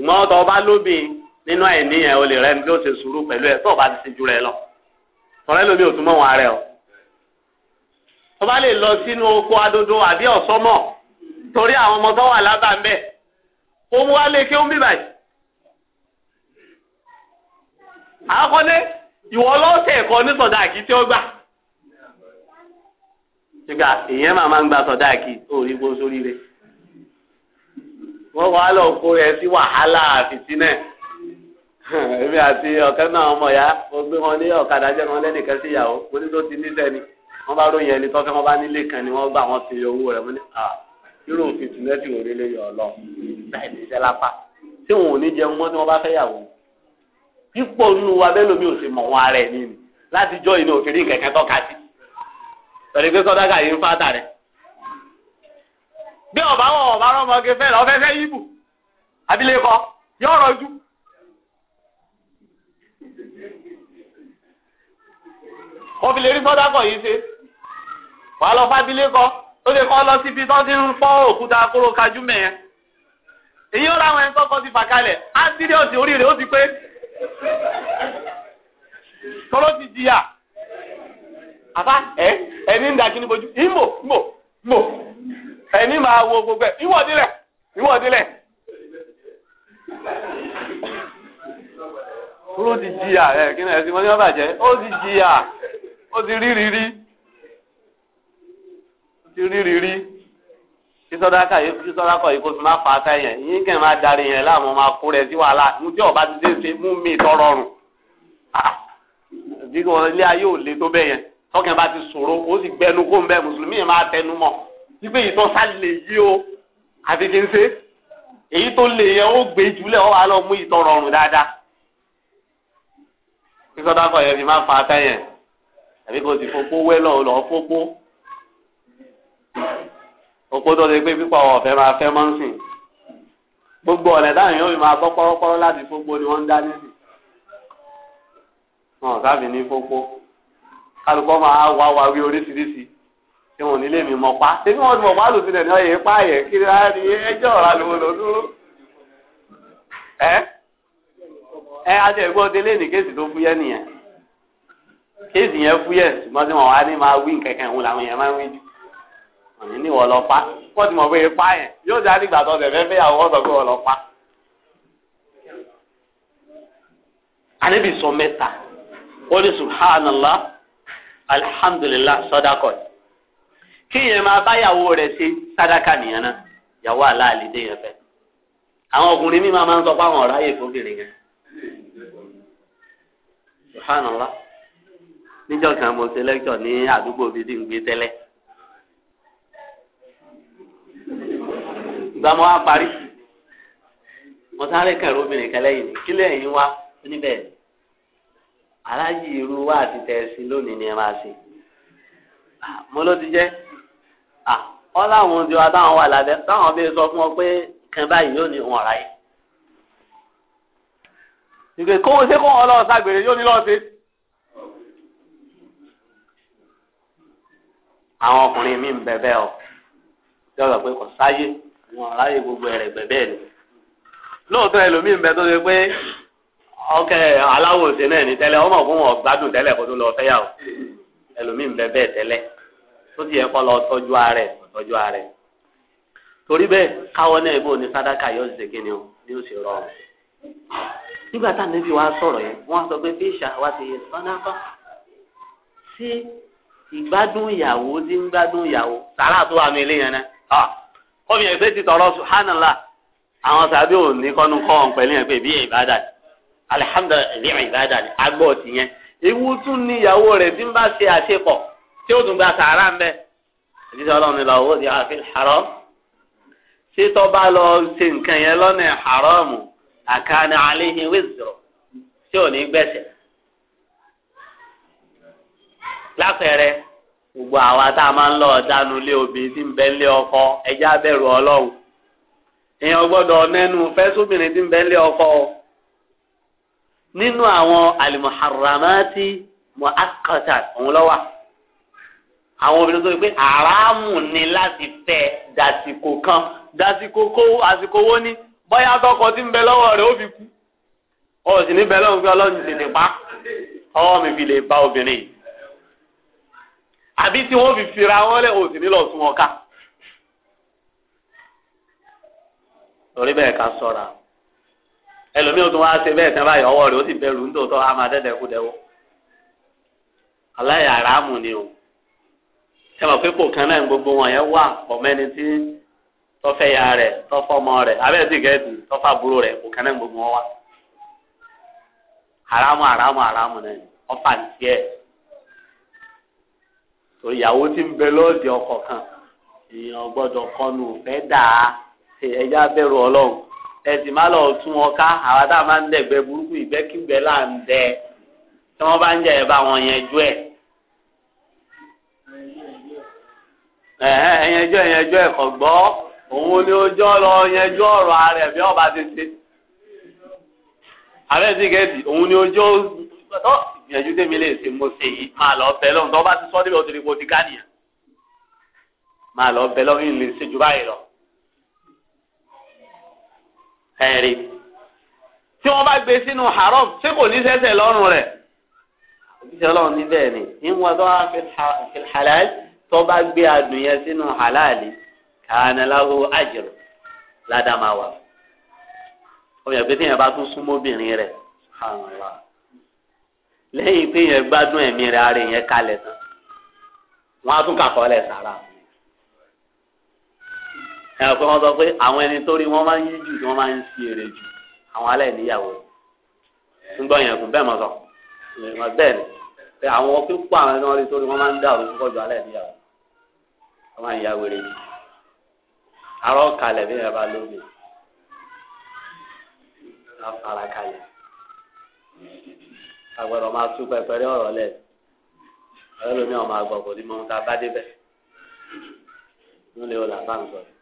ṣùgbọ́n ọ̀tọ̀ ọba lóbìn nínú àìní yẹn o rẹ ní bí ó ṣe sùúrù pẹ̀lú ẹ tó o bá ti ṣe ju rẹ lọ tọ́lẹ́ lómi ò tún mọ̀ wọn arẹ o tó lè lọ sínú oko adodo àbí ọ̀sọ́mọ̀ torí àwọn ọmọ tó wà lábàá ń bẹ̀ kó mú wá lé kí ó ń bíbà yìí. àkọ́lé ìwọ lọ́sẹ̀ ẹ̀kọ́ ní sọ̀dáàkì tí ó gbà ṣùgbọ́n èèyàn máa ń gba sọ̀dáàkì tó rí gbó sórí wọ́n wàhálà òkú rẹ̀ sí wàhálà àfìsínẹ̀ èmi àti ọ̀kẹ́ náà ọmọ ya mo gbé wọn ní ọ̀kadà jẹ́ wọn lẹ́nìkan sí ìyàwó mo ní tó ti níṣẹ́ ni wọ́n bá ròyìn ẹni tọ́fẹ́ wọn bá nílé kan ni wọ́n gbà wọ́n ti owó rẹ̀ mo ní à yúrò òfin tìǹẹ́tì òré lè yọ̀ lọ láì níṣẹ́ lápá tí wọn ò ní jẹun mọ́ tí wọ́n bá fẹ́ yàwó pípọ̀ nínú wa bẹ́ẹ̀ lómi ò sì mọ̀ wọn ara ẹ̀ ní ni láti jọ ìnà òfin rí kẹ̀kẹ́ tọ́ka sí pẹ̀lú pé sọ́dá bí ọba ọba ọmọge fẹ́ lọ fẹ́fẹ́ yíbù abilékọ yóò rọjú. fi lè rí sọ́dákọ̀ yìí ṣe wàá lọ fábílékọ ó lè kọ́ lọ síbi tó ti ń fọ́ òkúta kóró kájú èyí ó láwọn ẹni ti fà kalẹ̀ á sí òsì oríire ó ẹ ń bojú ìmọ̀ ẹni máa wo gbogbo ẹ̀ ìwọ dílẹ̀ ìwọ dílẹ̀. Olú ti jìyà ẹ̀ kí ni ẹ̀sìn mọ́ ní wọ́n bàjẹ́? Ó ti jìyà, ó ti rí rírí, ó ti rí rírí. Sísọ́dáka yìí sísọ́dákọ̀ yìí kò sì máa fà á yẹn. Yín kẹ́ máa darí yẹn láàmú máa kó rẹ̀ sí wàhálà. tí ọba ti dé ṣe mú mi tọrọ rùn. Bí ilé ayé ò le tó bẹ́ẹ̀ yẹn. Tọ́kẹ́ bá ti sọ̀rọ̀ ó sì gbẹnu kó ń bẹ́ẹ̀ Mùsùlùmí yẹn máa tẹnu mọ́ wípé ìtọ́ sá lè yí o àfi kí n ṣe èyí tó lè yẹ ó gbé jùlẹ̀ ó wà lọ mú ìtọ́ rọrùn dáadáa kí sọdá kọ yẹn fi máa fa atẹ́yẹn àbí kò sì fopó wẹ́lọ̀ lọ fopó òpó tó ti pé pípọ̀ ọ̀fẹ́ máa fẹ́ mọ́ sí gbogbo ọ̀lẹ̀ táwọn èèyàn fi máa bọ́ pọ́rọ́pọ́rọ́ láti fopó ni wọ́n ń dá nísìn wọn ò sábì ní fopó kálukọ́ máa wá wa wí oríṣiríṣi. e wọn nílé mi mọ̀ pa wọ́n ti mọ̀ pa lòfin ní ẹjọ́ dúró. ẹ ẹ adé ẹgbọ́n délé kéèsì tó fúyẹ́ nìyẹn kéèsì yẹn fúyẹ́ ṣùgbọ́n tí wọn wá ní máa wí nkẹ̀kẹ́ làwọn yẹn máa ń wí jù ní wọ́n ti mọ̀ pé yẹn yóò kíyẹn máa báyàwó rẹ̀ ṣe sádàkà nìyẹn náà yàwó aláàlì dé fẹ́ àwọn ọkùnrin míì máa ń sọ fáwọn ọ̀rọ̀ ayé fóbìnrin yẹn subhanallah níjọ́ kan mo ṣe ní àdúgbò bíi tí n gbé tẹ́lẹ̀ ìgbà mo wá parí mo sáré kẹrù obìnrin kí wá níbẹ̀ aláàjì irú wa àti tẹ̀sí lónìí ni ah, wọn láwọn ti wá wà lábẹ́ táwọn bẹ sọ fún ọ pé kan báyìí yóò ní òun ọ̀rá yìí. ìgbè kówó ṣé kó wọn lọ yóò ní lọ sí. àwọn ọkùnrin mi ń bẹ̀bẹ̀ ọ tí ọ̀rọ̀ pé kò sáyé wọn ráyè gbogbo ẹ̀rẹ̀ gbẹ̀bẹ̀ ni. lóòótọ́ ẹlòmíì bẹ tó ṣe pé ọkẹ́ aláwòsàn náà ní tẹ́lẹ̀ ọmọ ògùn wọn gbádùn tẹ́lẹ̀ kó tó lọ fẹ́yàwó ẹlòmíì bẹ bẹ́ẹ̀ tẹ́lẹ̀ tó ti yẹ kọ́ lọ tọ́jú ààrẹ tọ́jú ààrẹ torí bẹ́ẹ̀ káwọn náà ibò ní sádàkà yóò ṣe kí ni o ní o ṣe rọrùn nígbà tá níbi wàá sọ̀rọ̀ yẹn wọ́n sọ pé fíṣà wá ti yẹ sọ́nàkọ́ sí ìgbádùn ìyàwó tí ń gbádùn ìyàwó sàrà tó wà mí léyìn náà kọ́mi ẹgbẹ́ ti tọrọ subhanallah àwọn sàbí ò kọ́nu kọ́ ọ̀n pẹ̀lú yẹn pé bí ìbádà ni alihamdulilayi bí ìbádà ni agbọ́ yẹn ewu tún ní ìyàwó rẹ̀ tí ń bá ṣe àṣepọ̀ tí ó tún gba sàárà ń bẹ ìdíje ọlọ́run ni lọ́wọ́ di àfin haram ṣé tó bá lọ ṣe nǹkan yẹn lọ́nà haramu àkànnì àléhìn wíṣọ tí ò ní gbẹ̀sẹ̀ lápẹẹrẹ gbogbo àwa tá a máa ń lọ ọ̀dánù lé obìnrin tí ń bẹ lé ọkọ ẹjẹ́ abẹ́rù ọlọ́run èèyàn gbọ́dọ̀ nẹ́nu fẹ́sùbìnrin tí ń bẹ lé ọkọ nínú àwọn alimuharamati muakata òun lọ́wọ́ àwọn obìnrin tó yẹ pé àràmù ni láti fẹ́ dàsìkò kan dàsìkò kó àsìkò wo ni bóyá tọkọ tí ń bẹ lọ́wọ́ rẹ̀ ó fi kú ọ sì ní bẹ lọ́wọ́ pé ọlọ́run ti lè pa ọwọ́ mi fi lè bá obìnrin yìí àbí tí wọ́n fi fira wọn lẹ̀ ò sì ní lọ sún wọn lórí bẹ́ẹ̀ ká sọ̀ra ẹlòmíràn tó wá ṣe bẹ́ẹ̀ tán báyìí ọwọ́ rẹ̀ ó sì bẹ̀rù ń tòótọ́ àmàdẹ́dẹ́kú dẹ́wọ́ aláìyá àràmù ni o ẹ mọ̀ pé kò kan náà gbogbo wọn yẹn wà pọ̀ mẹ́ni tí tọ́fẹ́ ya rẹ̀ tọ́fọ́ ọmọ rẹ̀ abẹ́rẹ́ sì gẹ̀ẹ́sì tọ́fà búrò rẹ̀ kò kan náà gbogbo wọn wà. haramu haramu haramu náà ni ọ̀fà ń tiẹ̀ tó ìyàwó ti ń bẹ lọ́ọ̀dì ọkọ̀ kan èèyàn gbọ́dọ̀ kọnu fẹ́ dà ẹ̀yà bẹ̀rù ọlọ́run ẹ̀sìn má lọ tún wọn ká àwa tá máa ń dẹ̀gbẹ́ burúkú ìgbẹ́kígbẹ́ là ń dẹ tí wọ́n bá ń jẹ́ ẹ̀ bá wọn yẹn jú ẹ̀. ẹ̀yẹn ẹjọ́ ẹ̀yẹn ẹjọ́ ẹ̀kọ́ gbọ́ òun ni ojú ọ̀rọ̀ yẹnjú ọ̀rọ̀ ààrẹ bí ọba ti ṣe ààrẹ ti gẹ̀ẹ́dì òun ni ojú ọ̀rọ̀ yẹnjú tèmi lè ṣe mo ṣe yìí máa lọ bẹ lọ́hùn tó bá ti sọ́ débi ọ̀tún ni kò ti gánìyàn máa lọ bẹ lọ́hùn ìlú ṣe ju báyìí lọ. ẹ̀rí tí wọ́n bá gbé sínú haram ṣé kò ní sẹ́sẹ̀ lọ́rùn rẹ̀ òbí ṣe ọlọ́run níbẹ̀ ni ìwọ̀n tó wá fi halal tọ́ba gbé adùn yẹn sínú halali kànáláwo àjẹrò ládàmáwa ọmọ yẹn pé téèyàn bá tún súnmọ́ obìnrin rẹ̀ lẹ́yìn pé yẹn gbádùn ẹ̀mí rẹ̀ ara yẹn kalẹ̀ tán wọ́n á tún kàkọ́ lẹ̀ sára ẹ̀rọ pé wọ́n sọ pé àwọn ẹni tó rí wọ́n máa ń yí jù tí wọ́n máa ń fi èrè jù àwọn alẹ́ níyàwó ń gbọ́ yẹn kù bẹ́ẹ̀ mọ̀ sọ bẹ́ẹ̀ ni àwọn pípọ̀ àwọn ẹni tó rí wọ́n máa ń dà òun púpọ̀ jù alẹ́ níyàwó ọmọ ìyá wèrè jù arọ kalẹ̀ bí ẹ bá lómi afara kalẹ̀ agbẹ̀rọ̀ máa tú pẹpẹrẹ ọ̀rọ̀ lẹ̀ ọ̀rẹ́ lómi ọmọ àgbọ̀ kò ní mọ ohun tá a bá débẹ̀ nílé ọ̀là bá ń sọ̀rọ̀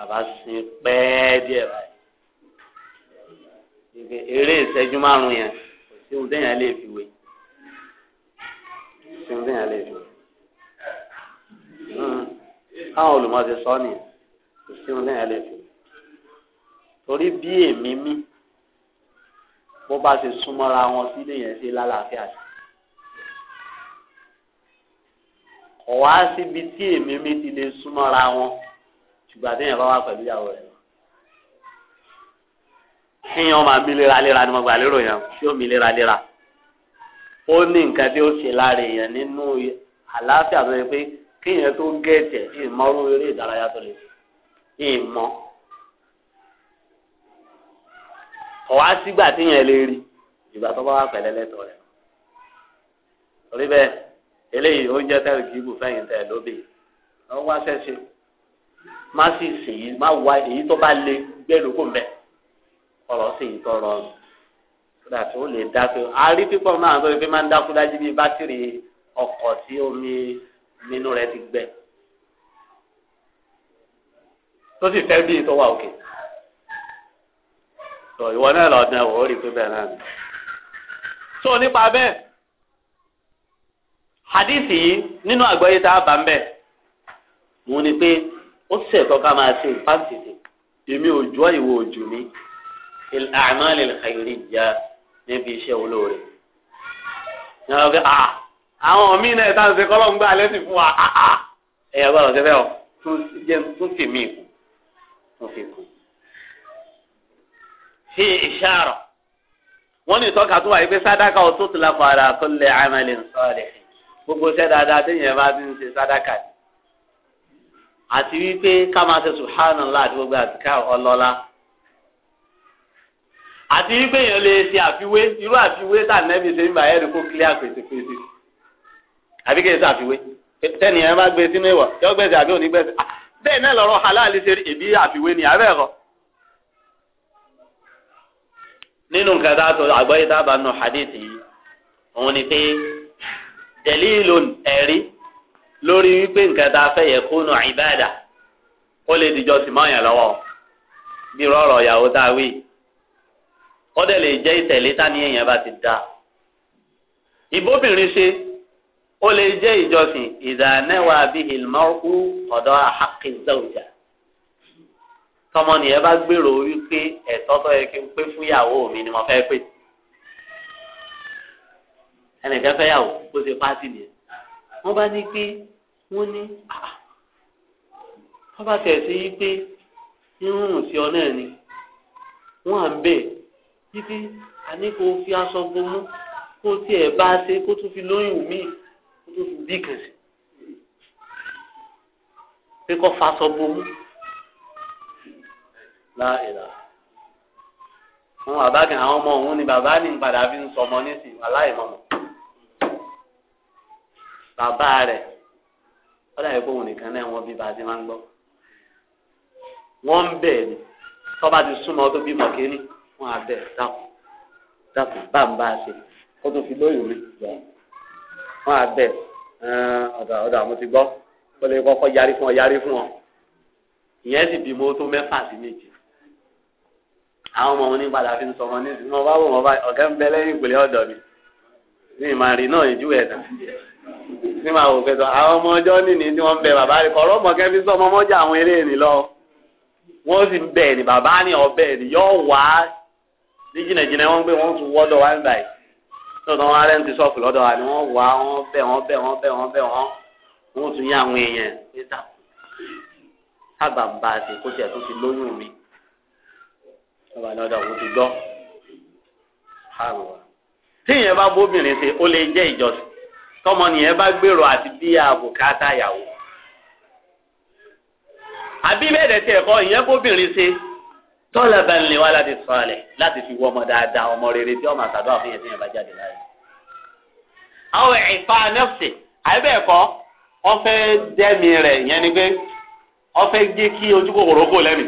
àbá sin pẹ́ẹ́ díẹ̀ báyìí eré ìṣẹ́jú márùn yẹn kò sí ohun téèyàn lè fi wé sí ohun téèyàn lè fi wé káwọn olùmọ̀ọ́sẹ̀ sọ nìyẹn kò sí ohun náà lè fi torí bí èmi mí bó bá ṣe súnmọ́ra wọn sílé yẹn ṣe lálàáfíà sí. ọ̀wá síbi tí èmi mi ti lè súnmọ́ra wọn ṣùgbọ́n àtẹ̀yìn bá wà pẹ̀lú ìyàwó rẹ̀ kíyàn máa mí léraléra ni mo gbà lérò yẹn tí ó mí léraléra ó ní nǹkan tí ó ṣe lára èèyàn nínú àlàáfíà tó yẹ pé kéèyàn tó gẹ̀ẹ́tì ẹ̀ ìmọ̀rú eré ìdárayá tó lè ìmọ̀ ọ̀wá sígbà yẹn lè rí ìgbà tó bá wà pẹ̀lẹ́ rẹ̀ torí bẹ́ẹ̀ eléyìí ó jẹ́ kí ibù fẹ́yìn tẹ̀ lóbì ọ wá ṣẹ́ṣe má sì sèyí má wá èyí tó bá lé mẹ́ ọ̀rọ̀ sì tọrọ kódà lè dákú pípọ̀ náà tó máa ń dákú bátìrì ọkọ̀ nínú rẹ̀ ti gbẹ tó sì fẹ́ bí tó wà òkè tó ìwọ náà lọ dán wò ó rí pé bẹ́ẹ̀ náà ni tó nípa bẹ́ẹ̀ hadisi yìí nínú àgbọ́yé tá a bá ń bẹ̀ mo ní pé ó ṣètò ká máa ṣe ìfásitì èmi òjò ìwò òjò ní al-a'mal al-khairiyya níbi iṣẹ́ olóore àwọn míì náà táwọn ṣe kọ́lọ́ ń gbà lẹ́sìn fún wa ẹ̀yà gbọ́dọ̀ ṣe bẹ́ẹ̀ o tún fi mí kù tún fi kù. fi ìṣàrọ̀ wọ́n ní ìtọ́ka tó wà yìí pé sádàkà ọ̀tún tó lápò ara tó lẹ̀ àmàlẹ̀ nsọ́ọ̀lẹ̀ gbogbo iṣẹ́ dáadáa téèyàn bá ti ń ṣe sádàkà ni. àti wípé ká máa ṣe subhanallah àti gbogbo ọlọ́lá àti wípé èèyàn lè ṣe àfiwé irú àfiwé tà nẹ́bí ṣe ń bá ẹ̀rí kó kílíà pèsè àbí kí n ṣàfiwé tẹ́ni ẹ bá gbé sínú ìwọ̀ yọ gbèsè àbí òní gbèsè ah, bẹ́ẹ̀ náà lọ́rọ̀ halal ṣe ìbí àfiwé ni àbẹ́ ẹ̀kọ́. nínú nǹkan tá a sọ àgbáyé tá a bá nù hadith yìí òun ni pé dalilun ẹ̀rí lórí wípé nǹkan tá a fẹ́ yẹ kó nù ìbáàdà ó lè dìjọ sí mọ́ọ̀yàn lọ́wọ́ bí rọ̀rọ̀ ìyàwó tá a wí kọ́dẹ̀ lè jẹ́ ìtẹ̀lé tá ní èèyàn bá ti dá ìbóbìnrin ṣe ó lè jẹ́ ìjọsìn ìdánẹ́wà bíi ìlmọ́kú ọ̀dọ́ àhàkì zọ́ọ̀jà tọmọnìyẹn bá gbèrò wípé ẹ̀tọ́ tó yẹ kí n pé fúyàwó mi ni mo fẹ́ pè ẹnìkan fẹ́ yàwó ó ṣe pátì nìyẹn wọ́n bá ní pé wọ́n ní wọ́n bá tẹ̀ sí irun sí ọ náà ni wọ́n à ń bẹ̀ títí àní fi aṣọ gbomú kó tiẹ̀ bá ṣe kó tún fi lóyún míì bí kan sí pé kó faṣọ bomú láìlà wọn bàbá kan àwọn ọmọ òun ni bàbá ní padà fi ń sọmọ nísìnyí aláìmọmọ bàbá rẹ̀ ó dàbí pé òun nìkan náà wọn bí bá a ti máa ń gbọ́ wọn ń bẹ ni tọba ti súnmọ́ tó bímọ kéènì wọn á bẹ dákun dákun bá ń bá a ṣe kó tó fi lóyún mi wọn àbẹ ọ̀dọ̀ ọ̀dọ̀ àwọn ti gbọ́ ó lè kọ́kọ́ yarí fún ọ yarí fún ọ ìyẹn sì bímọ tó mẹ́fà sí méje àwọn ọmọ wọn ní padà fi ń sọmọ ní ìsìn wọn bá wò wọn bá ọ̀gá ń bẹ lẹ́yìn ìpìlẹ̀ ọ̀dọ̀ mi ní ìmàrin náà ìjú ẹ̀dá ní màá wò pẹ̀tọ̀ àwọn ọmọ ọjọ́ nìní tí wọ́n bẹ bàbá rẹ̀ kọ̀ọ̀rọ̀ mọ̀ kẹ́fí sọmọ mọ́jà àwọn eré ènì lọ wọ́n sì ń bẹ̀ ní bàbá ní ọbẹ̀ ní yọ̀ wá ní jìnnàjìnnà wọn gbé wọn tún wọ́dọ̀ wá ń báyìí tọ́tọ́ wọn arẹ́ǹtì ṣọ́ọ̀fù lọ́dọ̀ wa ni wọ́n wà wọ́n bẹ̀ wọ́n bẹ̀ wọ́n bẹ̀ wọ́n bẹ̀ wọ́n wọ́n tún yá àwọn èèyàn níta sábàbà àti kó tiẹ̀ tó ti lóyún mi wọ́n wà lọ́dọ̀ wọ́n ti gbọ́ tíyẹn bá bóbìnrin ṣe ó lè jẹ́ ìjọsìn tọmọ nìyẹn bá gbèrò àti bí àbùkátà yàwó àbí bẹ́ẹ̀ dẹ̀ tiẹ̀ kọ́ ìyẹn bóbìnrin ṣe tọ́lẹ̀ bẹ́ẹ̀ lè wá láti sọ àlẹ̀ láti fi wọ ọmọ dáadáa ọmọ rere tí ọmọ àtàdúrà fún yẹn tí yẹn bá jáde láàyè. àwọn ìfà nẹ́fṣì àìbẹ́ẹ̀kọ́ wọ́n fẹ́ dẹ́mi rẹ̀ yẹn ni pé wọ́n fẹ́ gé kí ojú kòkòrò kò lẹ́mi.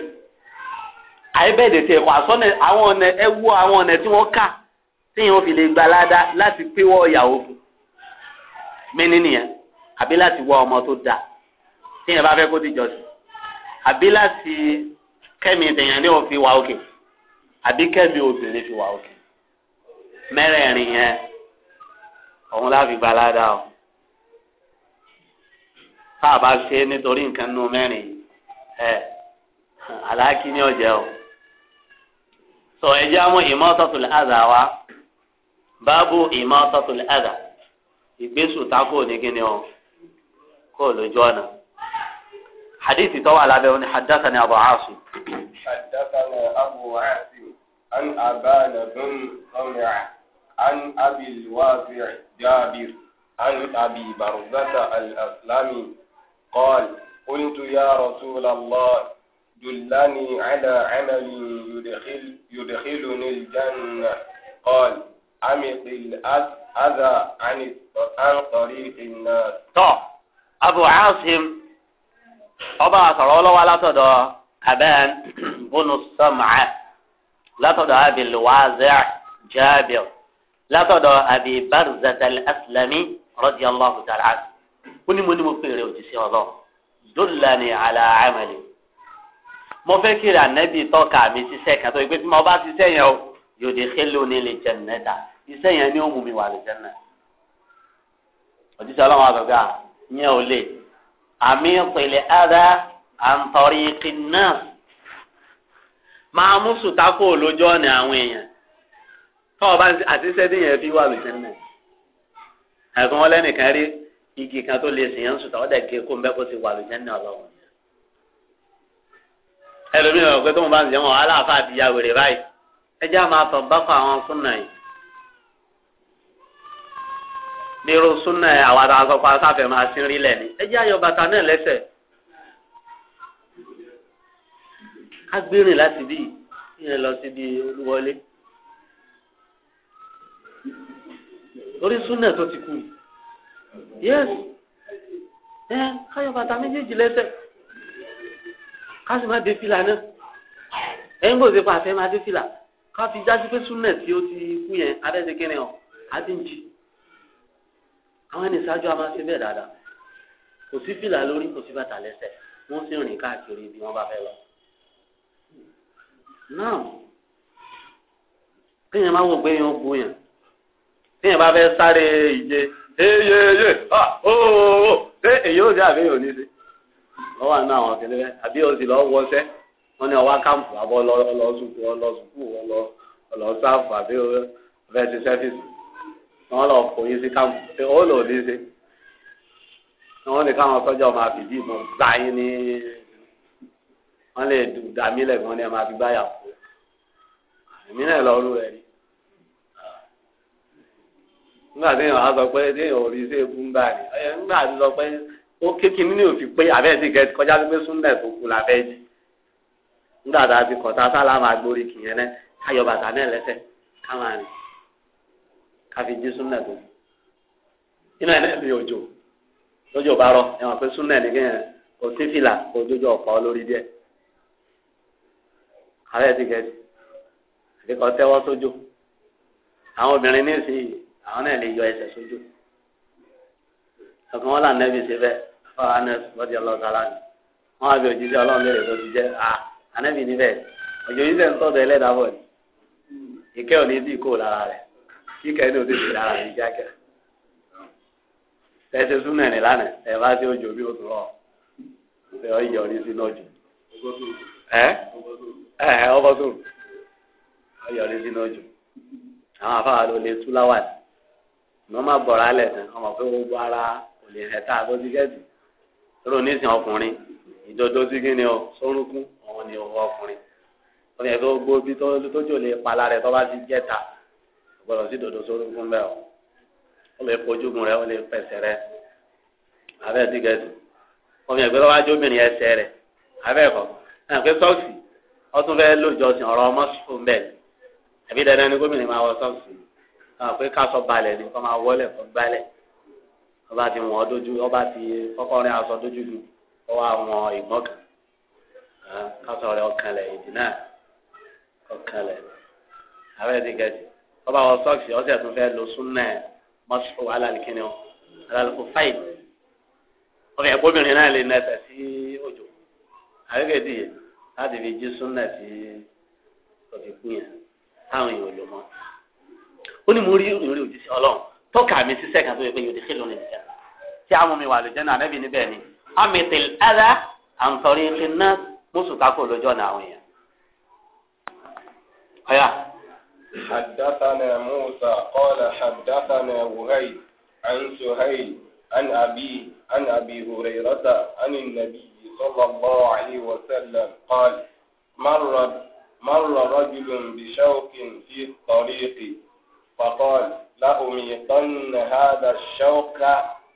àìbẹ́ẹ̀dẹ̀ tiẹ̀ kọ́ àsọ́nà àwọn ọ̀nà ẹ wú àwọn ọ̀nà tí wọ́n kà tí yẹn fi lè gba ládá láti péwọ́ ìyàwó kẹ́mi tèèyàn fi òfin wà òkè àbí kẹ́mi obìnrin fi wà òkè mẹ́rẹ̀ẹ̀rin yẹn òun láfi balada o tá a bá ṣe nítorí nǹkan nù mẹ́rin ẹ aláàkí ọ ọ̀jẹ̀ o sọ ẹjẹ́ àmú ìmọ́tọ́tò wa báàbù ìmọ́tọ́tò àdá ìgbésùn tako ní kíni o kó lójú ọ̀nà. حديث طوى على بيون حدثني أبو عاصم حدثني أبو عاصم أن أبان بن صمع عن أبي الوافع جابر عن أبي برزة الأسلمي قال قلت يا رسول الله دلني على عمل يدخل يدخلني الجنة قال عمق الأذى عن عن طريق الناس. طب أبو عاصم ọba àsọ̀rọ̀ ọlọ́wà látọ̀dọ̀ abẹ́n bónú sọ́mà látọ̀dọ̀ abilwazir jabir látọ̀dọ̀ abi barzatal aslami radiyallahu ta'ala anhu ó ní mo ní mo fèrè òjíṣẹ́ ọlọ́run dúlani àlà àmàlẹ́ mo fẹ́ kiri ànábì tọ́ka mi ṣiṣẹ́ kan tó yẹ pé tí mo bá ṣiṣẹ́ yẹn o yóò di xélo ní lè jẹ nẹ́ta iṣẹ́ yẹn ni ó mú mi wà lè jẹ nẹ́ òjíṣẹ́ ọlọ́run àgbàgbà yẹn ò lè àmì ìpìlẹ̀ ada àǹtọ̀rì kìnnà máa mú sùtákò lójú ọ̀nà àwọn èèyàn tó o bá àti sẹ́dí yẹn fi wà lùsẹ̀ nù. ẹ̀gbọ́n wọn lẹ́nìkan rí igi kan tó lè sìn yẹn sùtà ó dẹ̀ kó mbẹ́ kó ti wà lùsẹ̀ nù ọlọ́run. ẹlòmíràn ọ̀gbẹ́ tó ń bá ń sẹ́wọ̀n aláàfáà ti ya wèrè báyìí ẹjẹ́ àmọ́ àtọ̀ bá àwọn súnà yìí. nírú súnà àwọn àtàkọ́kọ́ asáfẹ́ máa sin rí lẹ́ni ẹ jẹ́ ayọ̀ bàtà náà lẹ́sẹ̀ agbérin láti bí ìyẹn lọ síbi olúwọlé lórí súnà tó ti kú yes ẹ káyọ̀ bàtà méjèèjì lẹ́sẹ̀ ká sì má dé fìlà náà ẹ ń gbòdì pa àfẹ́ má dé fìlà ká fi jásí pé súnà tí ó ti kú yẹn abẹ́sẹ̀kẹ́rin ọ̀ á ti ń jì àwọn ẹni ìṣáájú a máa ṣe bẹ́ẹ̀ dáadáa kò sí fìlà lórí kò sí bàtà lẹ́sẹ̀ wọ́n sì rìn káàkiri bí wọ́n bá fẹ́ lọ. náà kéèyàn máa wò pé èèyàn bu yàn kéèyàn bá fẹ́ sáré ìje eyeye ah, ooo oh, oh, oh, ṣé èyí ò sí àbí èyí ò ní sí lọ́wọ́ àná àwọn ọ̀kẹ́lẹ́ bẹ́ẹ̀ àbí o sì lọ́ọ́ wọṣẹ́ wọ́n ní ọwọ́ káàmpù àbọ̀ lọ sùkú ọlọ sùkú ọlọ sáàfù ti sẹ́fíìsì. wọn lọ kò yín sí káwọn ṣe ó lò ní ṣe wọn ní káwọn sọjọ máa fi bí ìbọn gbá yín ní wọn lè dùn dàmí lẹgbọn ní ẹ máa fi gbáyà fún èmi náà lọ rú ẹ rí nígbà tí èèyàn á sọ pé ò rí sí ebú ń bá rí nígbà tí sọ pé ó a ti kọ̀ tá a sálà máa káfí jí súnà tó inú ẹ̀ náà bí òjò lójó bá rọ ẹ̀wọ̀n pé súnà ní kéèyàn kò sí fìlà kò jójó ọ̀pá olórí díẹ̀ ààrẹ ti gẹ̀ẹ́sì àdékọ̀ tẹ́wọ́ sójò àwọn obìnrin ní ìsìn àwọn náà lè yọ ẹsẹ̀ sójò ọkàn wọn là nẹ́bí ṣe bẹ́ẹ̀ fọwọ́ anẹ́s lọ́dí ọlọ́ọ̀ta lánàá wọn àbí òjijì ọlọ́run lè rè tó ti jẹ́ à anẹ́bí níbẹ̀ òjò yìí sẹ́ ń tọ́jú ẹlẹ́dàá bọ̀ ni ìkẹ́ òní dì kó lára rẹ̀ kí kẹ́ni òde ti dára ní kíákíá tẹ̀sí sún nàní lánàá ẹ̀ bá tí ó jò bí oṣù rọ̀ ṣe ọ yọ ní sínú ọjọ́ ẹ ẹ ọbọ tó ọ yọ ní sínú ọjọ́ àwọn afáwà ló lè tú láwà ní wọn má bọ̀rọ̀ alẹ̀ tán ọmọ pé ó bọ́ ara kò lè hẹ́ta àbójúkẹ́tì lórí onísìn ọkùnrin ìdodo sí kí ni ọ sórúnkún òun ni òun ọkùnrin ó yẹ kó gbó bí tó jò lè pa lára tó bá ti jẹ́ ta gbọ́dọ̀ sí dòdò sórúkún bẹ́ẹ̀ o ó lè fojúgun rẹ ó lè pẹ̀sẹ̀ rẹ abẹ́ ti gẹ̀ẹ́sì omi ẹ̀gbẹ́ tó wá jó obìnrin ẹsẹ̀ rẹ abẹ́ ẹ̀kọ́ náà pé sọ́ọ̀sì ọtún fẹ́ lójọsìn ọ̀rọ̀ ọmọ sùn bẹ́ẹ̀ àbí dandan ni gómìnà máa wọ sọ́ọ̀sì náà pé káṣọ balẹ̀ ni kọ́ máa wọlé kọ́ gbálẹ̀ ọba ti wọ́n dójú ọba ti kọ́kọ́rin aṣọ dójú lu ọwọ́ àwọn ìgbọ́n kan káṣọ rẹ ọkàn lẹ̀ ìdí abẹ́ ti ọba wọ sọọsì ọsẹ tó fẹ́ lọ súnmẹ mọṣú alálìkíni ọ alálùkù fáì ọbẹ ẹgbọbìnrin náà lè nẹsẹ sí òjò àríkè dìye láti fi jí súnmẹ sí òkè kú yẹn táwọn èèyàn lò mọ. ó ní mo rí ìrírí òjíṣẹ́ Ọlọ́run tọ́ka mi sísẹ kan tó yẹ pé yòó di kí lónìí nìkan tí àwọn mi wà lójẹ náà nẹbi níbẹ̀ ni amitil ada àǹtọ̀rí iná mọ́sùkákò lójọ́ náà àwọn èèyàn. حدثنا موسى قال حدثنا وهيب عن سهيل عن أبي عن أبي هريرة عن النبي صلى الله عليه وسلم قال مر مر رجل بشوك في الطريق فقال لأميطن هذا الشوك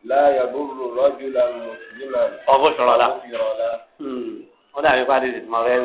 لا يضر رجلا مسلما. أبشر له. أبشر له. ولا يقال اسمه غير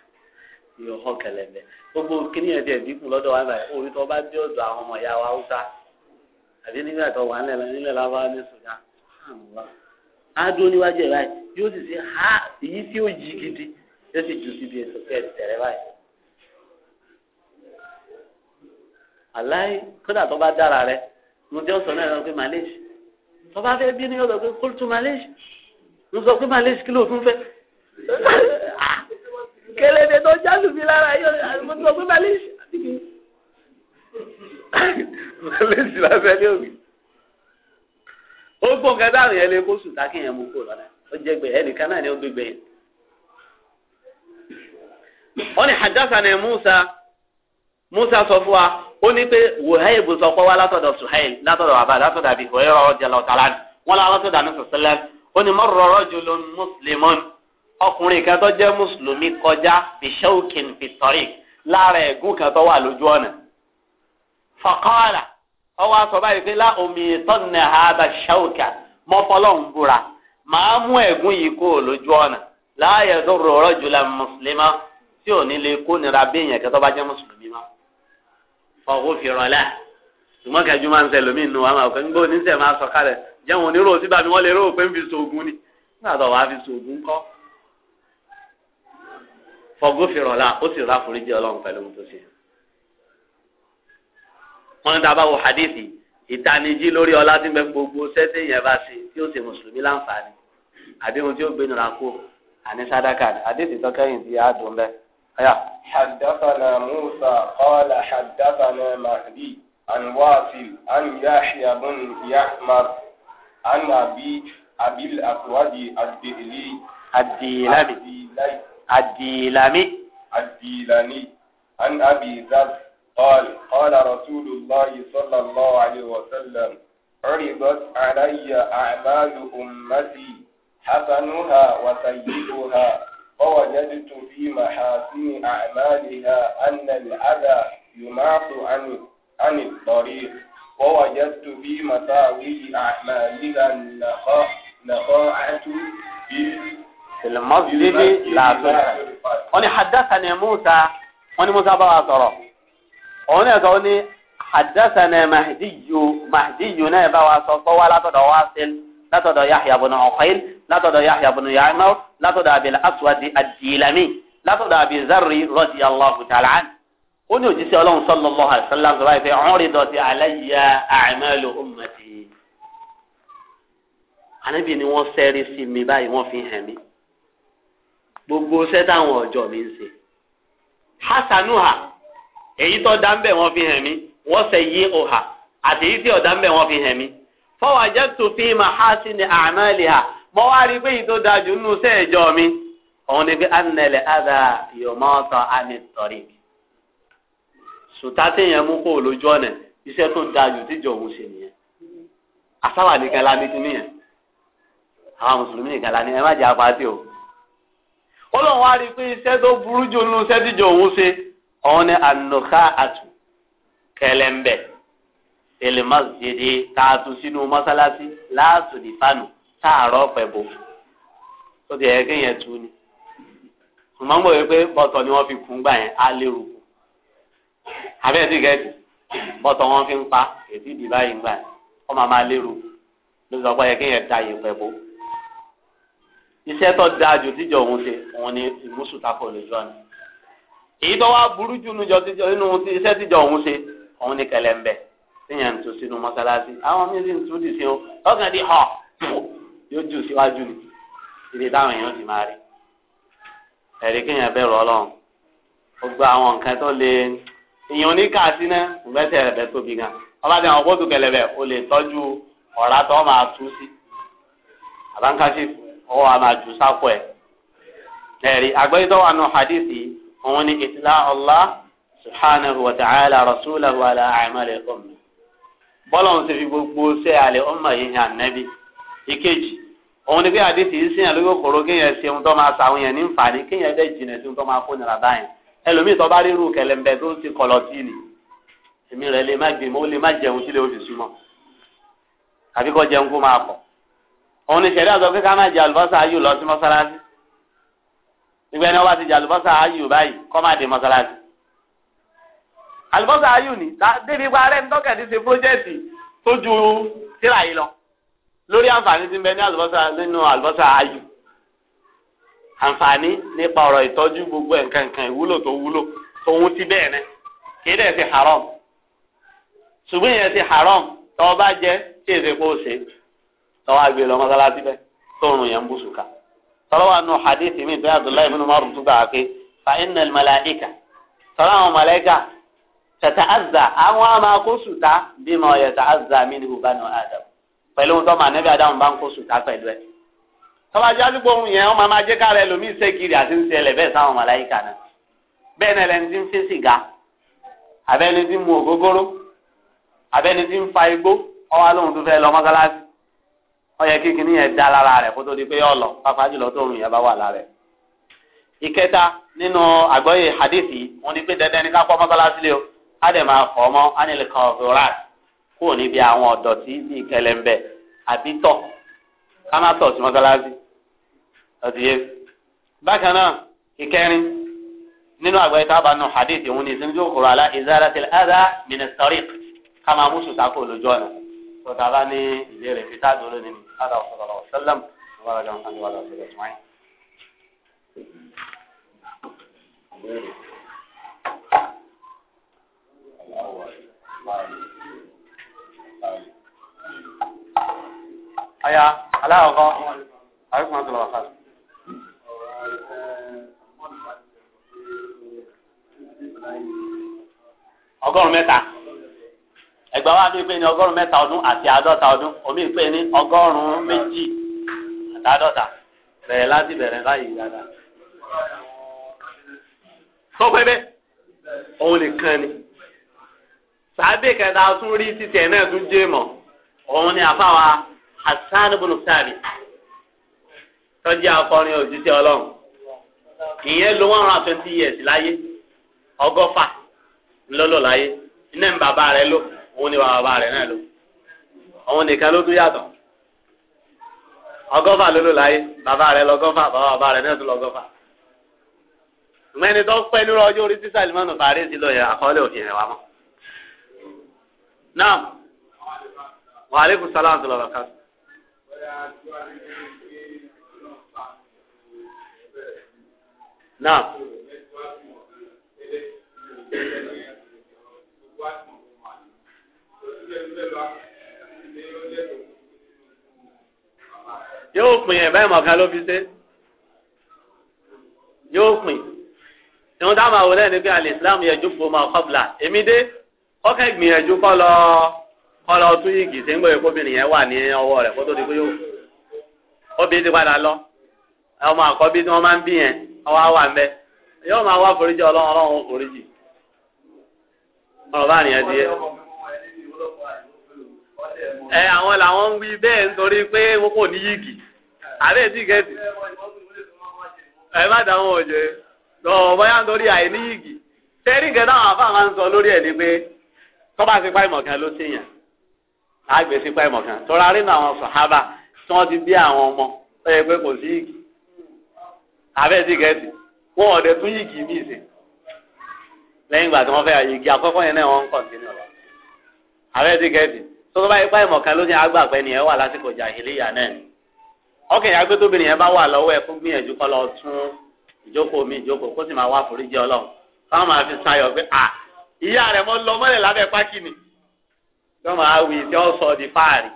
yóò hàn kẹlẹ̀mẹ̀ gbogbo kíní ẹ̀ tiẹ̀ dínkù lọ́dọ̀ wa báyìí orí tó bá dé ọ̀dọ̀ àwọn ọmọ ìyá wa Haúsá àbí nígbà tó wà nílẹ̀ nílẹ̀ lábá ní Sudan á dúró níwájú ẹ̀ báyìí yóò sì ṣe ha èyí tí ó jí gidi yóò sì ju síbi ètò kẹ́ẹ̀ tẹ̀rẹ̀ báyìí. àláì kódà tó bá dára rẹ mo jẹ́ ọ̀sán náà lọ Malaysia tó bá fẹ́ bí ní ọ̀dọ̀ pé kó tún Malaysia mo sọ pé Malaysia kí ló tún fẹ́ kẹlẹ́dẹ̀ tó jásù mi lára yóò mo ti sọ pé balẹ̀sì àti mi. balẹ̀sì lásán ní òbí. ó gbọ́n kẹta àrùn yẹn lé kó sùn tá kí yẹn mú kó lọ́dà ó jẹ gbẹ ẹnìkan náà ni ó gbégbé yẹn. ó ní hadassana musa musa sọ fún wa ó ní pé wòháyé ibùsọ̀ pọ̀ wá látọ̀dọ̀ suhail látọ̀dọ̀ àbá látọ̀dọ̀ àbí ìhòòhò ọ̀rọ̀ ọ̀jà lọ́tàlá ni wọ́n lọ́ látọ̀dọ̀ àná sọ̀sẹ́lẹ̀ ó ní mọ́rọ̀rọ̀ jùlọ mùsùlùmọ́n ọkùnrin kan tó jẹ́ mùsùlùmí kọjá bishaukin bitori lára ẹ̀gún kan tó wà lójú ọ̀nà faqala ọwọ́ aṣọ báyìí pé láomi tọ́nà ààbà ṣáùkà mọ́fọ́lọ́hún búra màá mú ẹ̀gún yìí kó lójú ọ̀nà láàyè tó rọrọ́ jùlọ mùsùlùmí tí ò ní lè kó nira bí èèyàn kan tó bá jẹ́ mùsùlùmí mọ́ ọ̀hún fi ràn ṣùgbọ́n kẹjú máa ń sẹ lómi nù wàmà òkè ńgbó oníṣẹ́ máa sọ kálẹ̀ jẹun onírò síbàmí wọ́n lè rò pé ń fi sògùn fọgófìrọ̀ la ó sì rà foríjì ọlọ́run pẹ̀lú ohun tó ṣe. wọn dábàá wo hadithi ìtanijí lórí ọlá tí bẹ gbogbo sẹ́sẹ̀ yẹn bá ṣe tí ó ṣe mùsùlùmí láǹfààní àbí ohun tí ó gbé nira kó àní sádàkà hadithi tọ́kẹ́yìn ti á dùn bẹ́ẹ̀. حدثنا موسى قال حدثنا مهدي عن واصل عن يحيى بن يحمر عن أبي أبي الأسود الدئلي الديلبي الديلمي الديلمي عن أبي ذر قال قال رسول الله صلى الله عليه وسلم عرضت علي أعمال أمتي حسنها وسيئها ووجدت في محاسن أعمالها أن الأذى يماط عن عن الطريق ووجدت في مساوي أعمالها النخاعة في في المسجد لا تدع أني حدثني موسى أني موسى بقى صرا وني قولني حدثنا مهدي مهدي نبا وصفا ولا تدواصل لا تدع يحيى بن عقيل لا تدع يحيى بن يعمر لا تدع بالأسود الديلمي لا تدع بذر رضي الله تعالى عنه أني وجيسي الله صلى الله عليه وسلم في عرضت علي أعمال أمتي أنا بيني وصيري سمي باي وفي همي gbogbo iṣẹ́ táwọn ọ̀jọ́ mi ń ṣe ha èyí tó dá ń bẹ̀ wọ́n fi hàn mí wọ́n ṣe yí ọ̀hà àti èyí tí ọ̀dá ń bẹ̀ wọ́n fi hàn mí fawajadtu fi wá rí pé èyí tó dáa jù nínú mi òun ni pé ada sùtá mú kó lójú ọ̀nà iṣẹ́ tó jù ṣe nìyẹn asáwà nìkan la ní kí nìyẹn àwọn mùsùlùmí nìkan la ní ó lóun wá rí i pé iṣẹ́ tó burú jù nínú iṣẹ́ tíjọ òun ṣe òun ni ànùká àtù kẹlẹ́ńbẹ̀ tẹlẹmọ́sídìí káàtù sínú mọ́sálásí láàtù nìfànù táàrọ̀ pẹ̀bù tó ti yẹ kéèyàn tu ni ṣùgbọ́n mo rí i pé bọ́tọ̀ ni wọ́n fi kún gbà yẹn á lérò kù àbẹ́ẹ̀ tí kẹ́ẹ̀tì bọ́tọ̀ wọn fi ń pa ètí ìdìbà yìí gbà yẹn wọ́n máa máa lérò kù ló sọ iṣẹ́ tó dáa jù tíjọ òun ṣe òun ni ìmúṣùtàkọ lójú ọ̀nà èyí tó wá burú jù nínú iṣẹ́ tíjọ òun ṣe òun ni kẹlẹ́ńbẹ́ tíyẹn ń tu sínú mọ́sálásí àwọn míín sì ń tu dìsí o lọ́kàn dí họ yóò jù síwájú ni ibi táwọn èèyàn ti máa rí ẹ̀rí kéèyàn bẹ̀rù ọlọ́run ó gba àwọn nǹkan tó lè èèyàn oníkà sí ìgbésẹ̀ rẹ̀ bẹ́ tóbi gan ọba tí àwọn kóòtù kẹlẹ̀bẹ̀ o lè tọ́jú ọ̀rá tó máa tú sí àbáńkáṣífù ọwọ́ a máa jù sáfọ̀ ẹ̀. ẹ̀rí àgbẹ̀yìntọ́ wa nù hadithi òun ni ìtìlá Allah wa ta'ala rasulahu ala a'mali umma. bọ́lá òun ti fi gbogbo ṣe àlè ọmọ yìí hàn nẹ́bí. ìkejì òun ni pé hadithi yìí sìn àlóyún kòrò kéèyàn ṣe ohun tó máa sa yẹn ní nfààní dẹ́ jìnà sí ohun tó máa kó nira báyìí ẹlòmíì tó bá rí irú tó ti òun ni sẹ̀rí àzọ pé ká má jẹ àlùbọ́sà ayù lọ sí mọ́sálásí ìgbà ẹni ọba ti jẹ àlùbọ́sà ayù báyìí kọ́ má dé mọ́sálásí. àlùbọ́sà ayù ni débi ipa rẹ̀ ń tọ́kẹ̀ ti ṣe pírójẹ́tì tó ju tíra yìí lọ lórí àǹfààní tí ń bẹ ní àlùbọ́sà nínú àlùbọ́sà ayù àǹfààní nípa ọ̀rọ̀ ìtọ́jú gbogbo nǹkan ìwúlò tó wúlò tòun ti bẹ́ẹ̀ haram ṣùgbọ́n ìyẹn ti haram tọ́ ọ bá jẹ́ tí èsèpó ṣe tọ́wọ́ àgbè lọ mọ́sálásí bẹ́ẹ̀ tóorùn yẹn ń bú sùkà. sọlọ́wọ́ àánú hadithi mi bẹ́ẹ̀ abdullahi ibn umar tó gbà pé fa inna malaika sọlọ́ àwọn malaika tata azza àwọn àmà kó sùtà bí mo yẹ ta azza mi ni banu adam pẹ̀lú ohun tó máa nẹ́bí adam bá ń kó sùtà pẹ̀lú ẹ̀. tọ́wọ́ ajá àdúgbò ohun yẹn wọ́n máa máa jẹ́ káàrẹ̀ lómi ìṣègiri àti ń ṣẹlẹ̀ bẹ́ẹ̀ sáwọn malaika náà bẹ́ẹ̀ náà lẹni tí ń fi sìgá abẹ́ni tí ń mu ògógóró abẹ́ni tí ń fa igbó ọwọ́ alóhun tó fẹ́ lọ mọ́sálásí ọyẹ kékeré yẹn dá lára rẹ̀ kó tó di pé yọ lọ pàápàá jùlọ tó rùn yẹn bá wà lára rẹ̀. ìkẹta nínú àgbọ́yé hadithi wọn ni pé dandan ní ká kọ́ mọ́sálásí lé o á dẹ̀ máa fọ́ mọ́ anil kọfúrát kúrò níbi àwọn ọ̀dọ̀tí bíi kẹlẹ́ńbẹ̀ àbí tọ̀ ká má tọ̀ sí mọ́sálásí. ọ̀dìyẹ bákan náà ìkẹrin nínú àgbọ́yé tábà nù hadithi wọn ni sinjú kúrò alá ìzára tẹ̀lé sọ̀tà bá ní ìbéèrè fi táàdù lónìí ní ádà ọ̀sọ̀rọ̀ ọ̀sẹ́lẹ̀m ọba rẹ̀ jọ̀ǹkan níwájú ọ̀sẹ̀lẹ̀ sùmáyìn. Aya, aláwọ̀kọ́, àríkùn àti lọ́wọ́ sáà. Ọgọ́rùn-ún mẹ́ta ẹgbẹ́ wa bíi pé ní ọgọ́rùn mẹ́ta ọdún àti àádọ́ta ọdún omi pé ní ọgọ́rùn méjì àti àádọ́ta bẹ̀rẹ̀ láti bẹ̀rẹ̀ báyìí dáadáa. sọ pẹ́pẹ́ òun nìkan ni sàábì kẹta tún rí títí ẹ̀ náà tún jẹ́ mọ̀ òun ni àfàwà Hasan ibn Thabit tọ́jú akọrin òjíṣẹ́ ọlọ́run ìyẹn ló one hundred and twenty years láyé ọgọ́fà ńlọ́lọ́ láyé iná ń bàbá rẹ̀ lò òun ni bàbá rẹ̀ náà lò òun nìkan ló tún yàtọ̀ ọgọ́fà ló lò láyé bàbá rẹ̀ lọ́gọ́fà bàbá rẹ̀ náà tún lọ́gọ́fà mẹ́ni tó pẹ́ nírọ̀ ọjọ́ orí sísá ìlúmọ̀nù fàárẹ̀ sí lọ́yẹ̀ àkọọ́lẹ̀ òfin rẹ̀ wá mọ́. náà wa alaikum salaam tó kan. náà yóò pin ẹ̀ báyìí mọ̀ká ló fi ṣe yóò pin ìwọ̀n táwọn àwọn ọ̀rẹ́ ni pé alẹ́ islam yẹ jókòó máa kọ́bùlà èmi dé kọ́kẹ́ gbìyànjú kọ́ lọ kọ́ lọ tún yìí gìsẹ́ ńgbọ́ yẹn kóbìnrin yẹn wà ní ọwọ́ rẹ̀ kó tó di pé yóò obìnrin ti padà lọ ọmọ àkọ́bí tí wọ́n máa ń bí yẹn ọwọ́ àwà ń bẹ yóò máa wá foríjì ọlọ́run ọlọ́run foríjì ọ̀rọ̀ bá nìyẹn ti yẹ. ẹ àwọn làwọn ń wí bẹ́ẹ̀ nítorí pé kò ní àbẹ́ tí kẹ́sì ẹ má wọn lọ nítorí àìní máa ń sọ lórí ni pé tọ́ba pa ìmọ̀kan ló ṣèyàn àgbẹ̀ ìmọ̀kan tọ́ra rí àwọn sọ̀hábà ọmọ yẹ pé kò sí àbẹ́ tí kẹ́sì wọn tún lẹ́yìn ìgbà tí wọ́n fẹ́ àkọ́kọ́ yẹn náà wọ́n ń àbẹ́ tọ́tọ́ báyìí pa ìmọ̀kan ló ní agbàgbẹ́ ni ẹ wà lásìkò jàhìlíyà náà ọkàn yàgbé tóbìnrin yẹn bá wà lọ́wọ́ ẹ fún gbìyànjú kọ́ lọ tún ìjókòó mi ìjókòó kó sì máa wá foríjì ọlọ́run káwọn máa fi sayọ̀ pé à ìyá rẹ̀ mọ́ lọ mọ́lẹ̀ lábẹ́ pákí ni tí wọ́n máa wí tí wọ́n sọ di fáàrí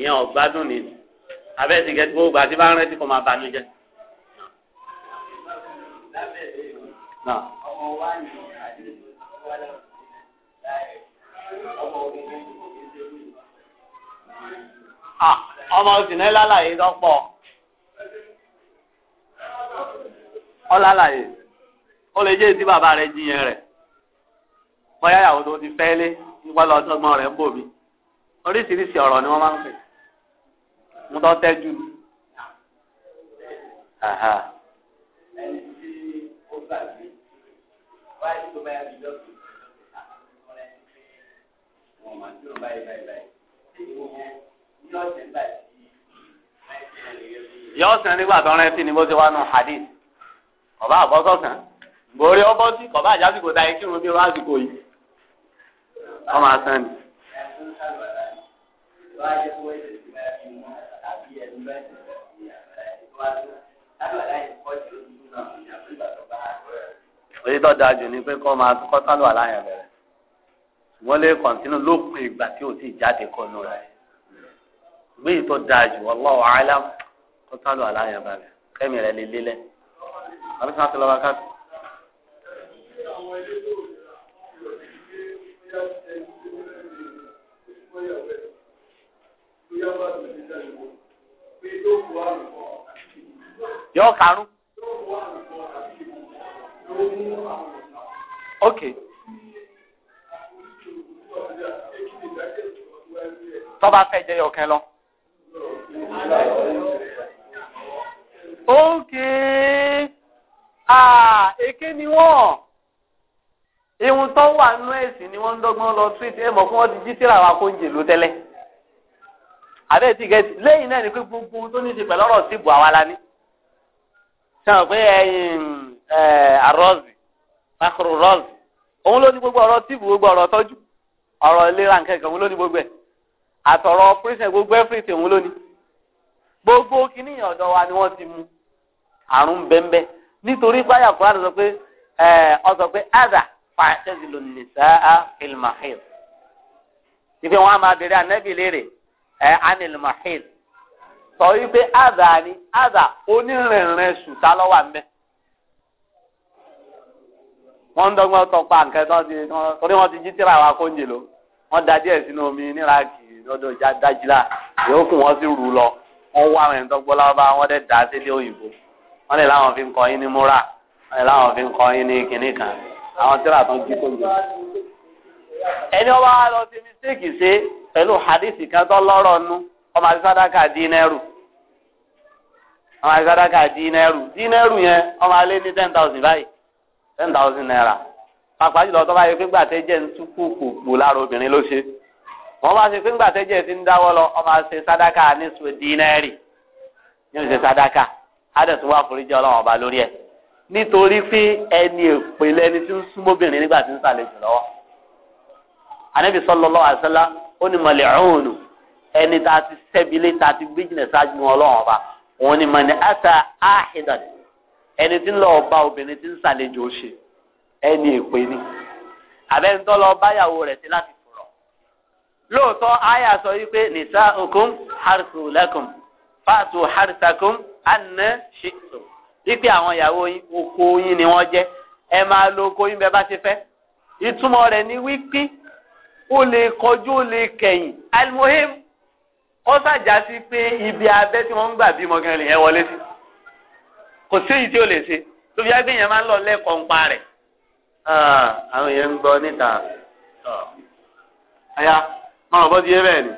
ìyẹn ọ̀gbádùn ni abẹ́ tí gbogbo àti bá ń rántí máa banú jẹ́. ọmọ wa ni àdéhùn wa lọ ọmọ òsìnà lálàyé lọ́pọ̀ ọ ó lè jẹ́ tí bàbá rẹ̀ jiyàn rẹ̀ bóyá ìyàwó tó ti fẹ́ lé nípa lọ́sọ́gbọ́n rẹ̀ ń bò mí oríṣiríṣi ọ̀rọ̀ ni wọ́n máa ń pè mú tọ́ tẹ́jú ni. tó bá bí lọ́sùn àwọn ẹni tí wọ́n máa ń dúró báyìí báyìí báyìí yọ sàn nígbà tó rẹ sí ni bó ti wá nù hadith ọba àbọ́sọ̀sán gbòòrè ọbọ̀ sí kọ̀ọ̀bá àjásìkò ta ikírun bí wọ́n àsìkò yìí wọ́n máa sàn ní. oye jù ni pé kọ́ máa kọ́ sálọ̀ àlàyé rẹ̀ wọ́n lè kọ̀ǹtínú lópin ìgbà tí ò ti jáde kọ́nu rẹ̀ gbé ìtọ́ dáa jù wallahu a'lam tó sálọ àlàyé balẹ̀ kẹ́mi rẹ̀ lè lélẹ̀ àbí sáà tó lọ́wọ́ ká. yọ karùn. ok. tọ́ba fẹ́ jẹ ọ̀kẹ́ lọ. ókè èké ni wọ́n ihun tó ni lọ sí fún wọn jí síra wa kó tẹ́lẹ̀ ni pé gbogbo tó ní ti pẹ̀lú ọ̀rọ̀ sí ibù àwa la ní. sọ pé ẹyin pàkúrò rọ́ọ̀sì òun ló ní gbogbo ọ̀rọ̀ tíìbù gbogbo ọ̀rọ̀ tọ́jú ọ̀rọ̀ ìlera nǹkan àtọ̀rọ̀ operation gbogbo everything òun lónìí gbogbo kìnìyàn ọ̀dọ̀ wa ni wọ́n ti mu àrùn bẹ́ńbẹ́ nítorí báyà kúrò àti pé ẹ ọ pé àdà fàṣẹ́sì ló ní sáà ilmahil ìfẹ́ wọn a máa bèrè léèrè ẹ anilmahil sọ wípé ni àdà onírìnrìn sùtá lọ́wọ́ àmbẹ́ wọ́n ń dọ́gbọ́n tọpa torí ti jí tíra wa kó ń jèlò da sínú omi lọ́dọ̀ ìjà dájúlá ìyókù wọn sì rú lọ wọn wá àwọn ẹni tó gbọ́ lábá wọn dẹ̀ dá sílé òyìnbó wọn lè láwọn fi ń kọ́ yín ní múra wọn lè láwọn fi ń kọ́ yín ní kinní kan àwọn tíra tó ń jí tó ń jẹ. ẹni ọba wa lọ sí mistake ṣe pẹ̀lú hadisi kan tó lọ́rọ̀ nu ọmọ àti sádàkà dínẹ́rù ọmọ àti sádàkà dínẹ́rù dínẹ́rù yẹn ọmọ alẹ́ ní ten thousand báyìí ten thousand naira pàápàá jùlọ tó bá yẹ pé gbàtẹ́jẹ́ ń tú kúkú gbò lára obìnrin ló ṣe. wọ́n bá ṣe pé ńgbà tẹ́jẹ̀ ti ń dáwọ́ lọ ọmọ ṣe sádákà ní sùn dínẹ́rì ní ṣe sádákà ádẹ̀tún wà foríjì ọlọ́run ọba lórí ẹ̀ nítorí pé ẹni ìpìlẹ̀ ẹni tí ń súnmọ́bìnrin nígbà tí ń sàlejò lọ́wọ́ ànábì sallallahu alaihi wasallam ó ní mọ̀lẹ́ ọ̀hún ẹni tá a ti sẹ́bilé tá a ti ọba òun ni mọ̀lẹ́ àtà áhìdàn ẹni tí ń lọ ọba obìnrin tí ń sàlejò ṣe ẹni báyàwó rẹ̀ láti lóòótọ́ àyà sọ wípé nìsa okun harisulakum fàtú harisakum àná ṣìṣù wípé àwọn ìyàwó yín oko yín ni wọ́n jẹ́ ẹ máa lo oko yín bẹ́ẹ̀ bá ti fẹ́ ìtumọ̀ rẹ̀ ni wípé ó lè kọjú ó lè kẹ̀yìn alimohim ó ṣàjà sí pé ibi abẹ́ tí wọ́n ń gbà bímọ gan lè yẹn wọlé sí kò sí èyí tí ó lè ṣe tóbi agbẹ̀yìn máa ń lọ lẹ́kọ̀ọ́ ń pa rẹ̀ ah, àwọn èèyàn ń gbọ́ níta. Aya ọ̀rọ̀ bọ́ di ẹ bẹ́ẹ̀ ni.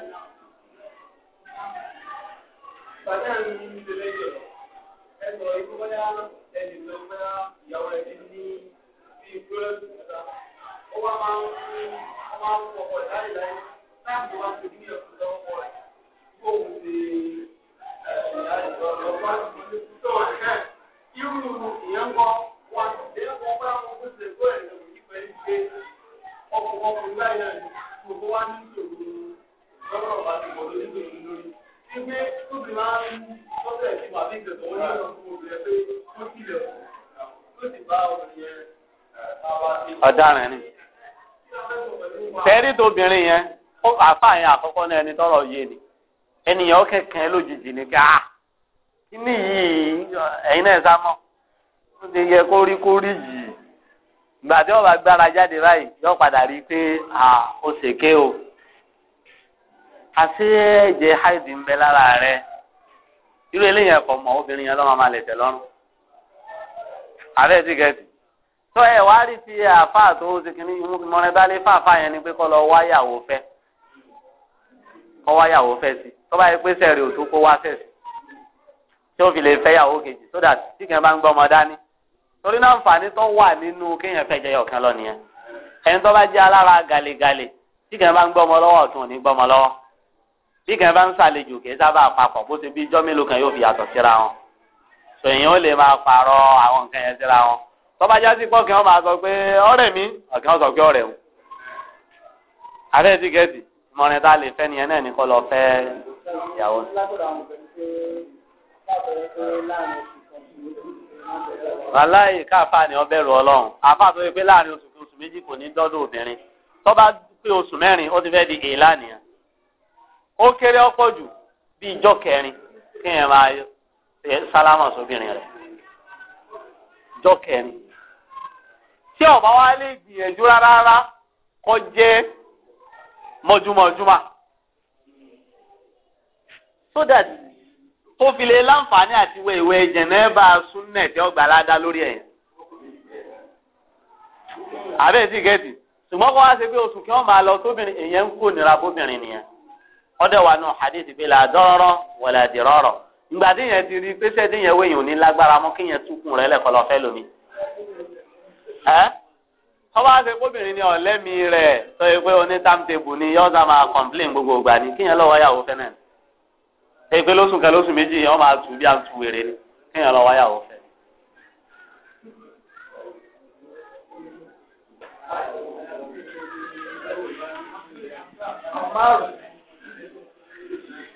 Ó wá ọ̀daràn ni tẹ́rí tóbìnrin yẹn àfa yẹn àkọ́kọ́ náà ẹni tọrọ yé ni ẹnìyàn ó lójijì ni ká ah, kíní yìí ẹ̀yin náà sá mọ́ ó ti yẹ kó rí kó rí yìí ìgbà tí gbára jáde báyìí yóò padà rí i pé ah, ó ṣèké o àti ẹ̀jẹ̀ ń bẹ lára irú eléyìí ẹ̀kọ́ mọ́ tó ẹ wá rí ti àáfàá tó ṣe kìíní mọ̀rẹ́ bá lé fàáfà yẹn ni pé kọ́ lọ wáyàwó fẹ́ kọ́ wáyàwó fẹ́ sí tó bá yẹ pé sẹ́ẹ̀rì ò tún kó wá sẹ́ẹ̀sì tí ó fi lè fẹ́ yàwó kejì sódà tí kìíní bá ń gbọ́ ọmọ dání torí náà nfààní tó wà nínú kéèyàn fẹ́ jẹyọ kan lọ nìyẹn ẹni tó bá jẹ́ alára galegale tí kìíní bá ń gbọ́ ọmọ lọ́wọ́ ọ̀tún ò ní gbọ́ ọmọ lọ́wọ́ tí kìíní bá ń ṣàlejò kìí sábà papọ̀ bó ṣe bí ijọ́ mélòó kan yóò fi yàtọ̀ síra wọn tòyìn ó tọ́ba jásí pọ́ kí wọ́n máa sọ pé ọ̀rẹ́ mi ọ̀kí wọ́n sọ pé ọ̀rẹ́ o. ààrẹ ti gẹ̀ẹ́dì ìmọ̀ràn tá a lè fẹ́ nìyẹn náà ní kọ́ lọ ni wọ́n bẹ̀rù ọlọ́run àfa tó pé láàrin oṣù oṣù méjì kò ní dọ́dọ̀ obìnrin tọ́ba pé oṣù mẹ́rin ó ti fẹ́ di èèlà nìyẹn. ó kéré ọ̀pọ̀ jù bí ìjọ kẹrin tí ọba wa lè gbìyànjú rárá kọ jẹ́ mọ́júmọ́júmọ́ so that tó fi lè láǹfààní àti wẹ ìwé jẹnẹba súnẹ tí ọgbà aládá lórí ẹ̀yìn àbẹ tí gẹẹti ṣùgbọ́n kó wá ṣe pé oṣù kí wọ́n máa lọ sóbìnrin èèyàn ń kó nira bóbìnrin nìyẹn ọdẹ wa nù hadith pé là dọ́rọ́rọ́ wọlé àdìrọ́rọ́ ìgbà tí yẹn ti rí pé sẹ́dí yẹn wéyìn ò ní lágbára mọ́ kí yẹn túkùn rẹ lẹ́kọ́ lọ lómi ọ bá àti kóbìnrin ni ọ̀lẹ́mi rẹ̀ sọ pé oní táǹtẹ̀bù ni yóò sá máa gbogbo ìgbà ni kíyàn lọ́wọ́ yàwó fẹ́ náà ẹ pé lóṣù kan lóṣù méjì yẹn wọ́n máa tù bí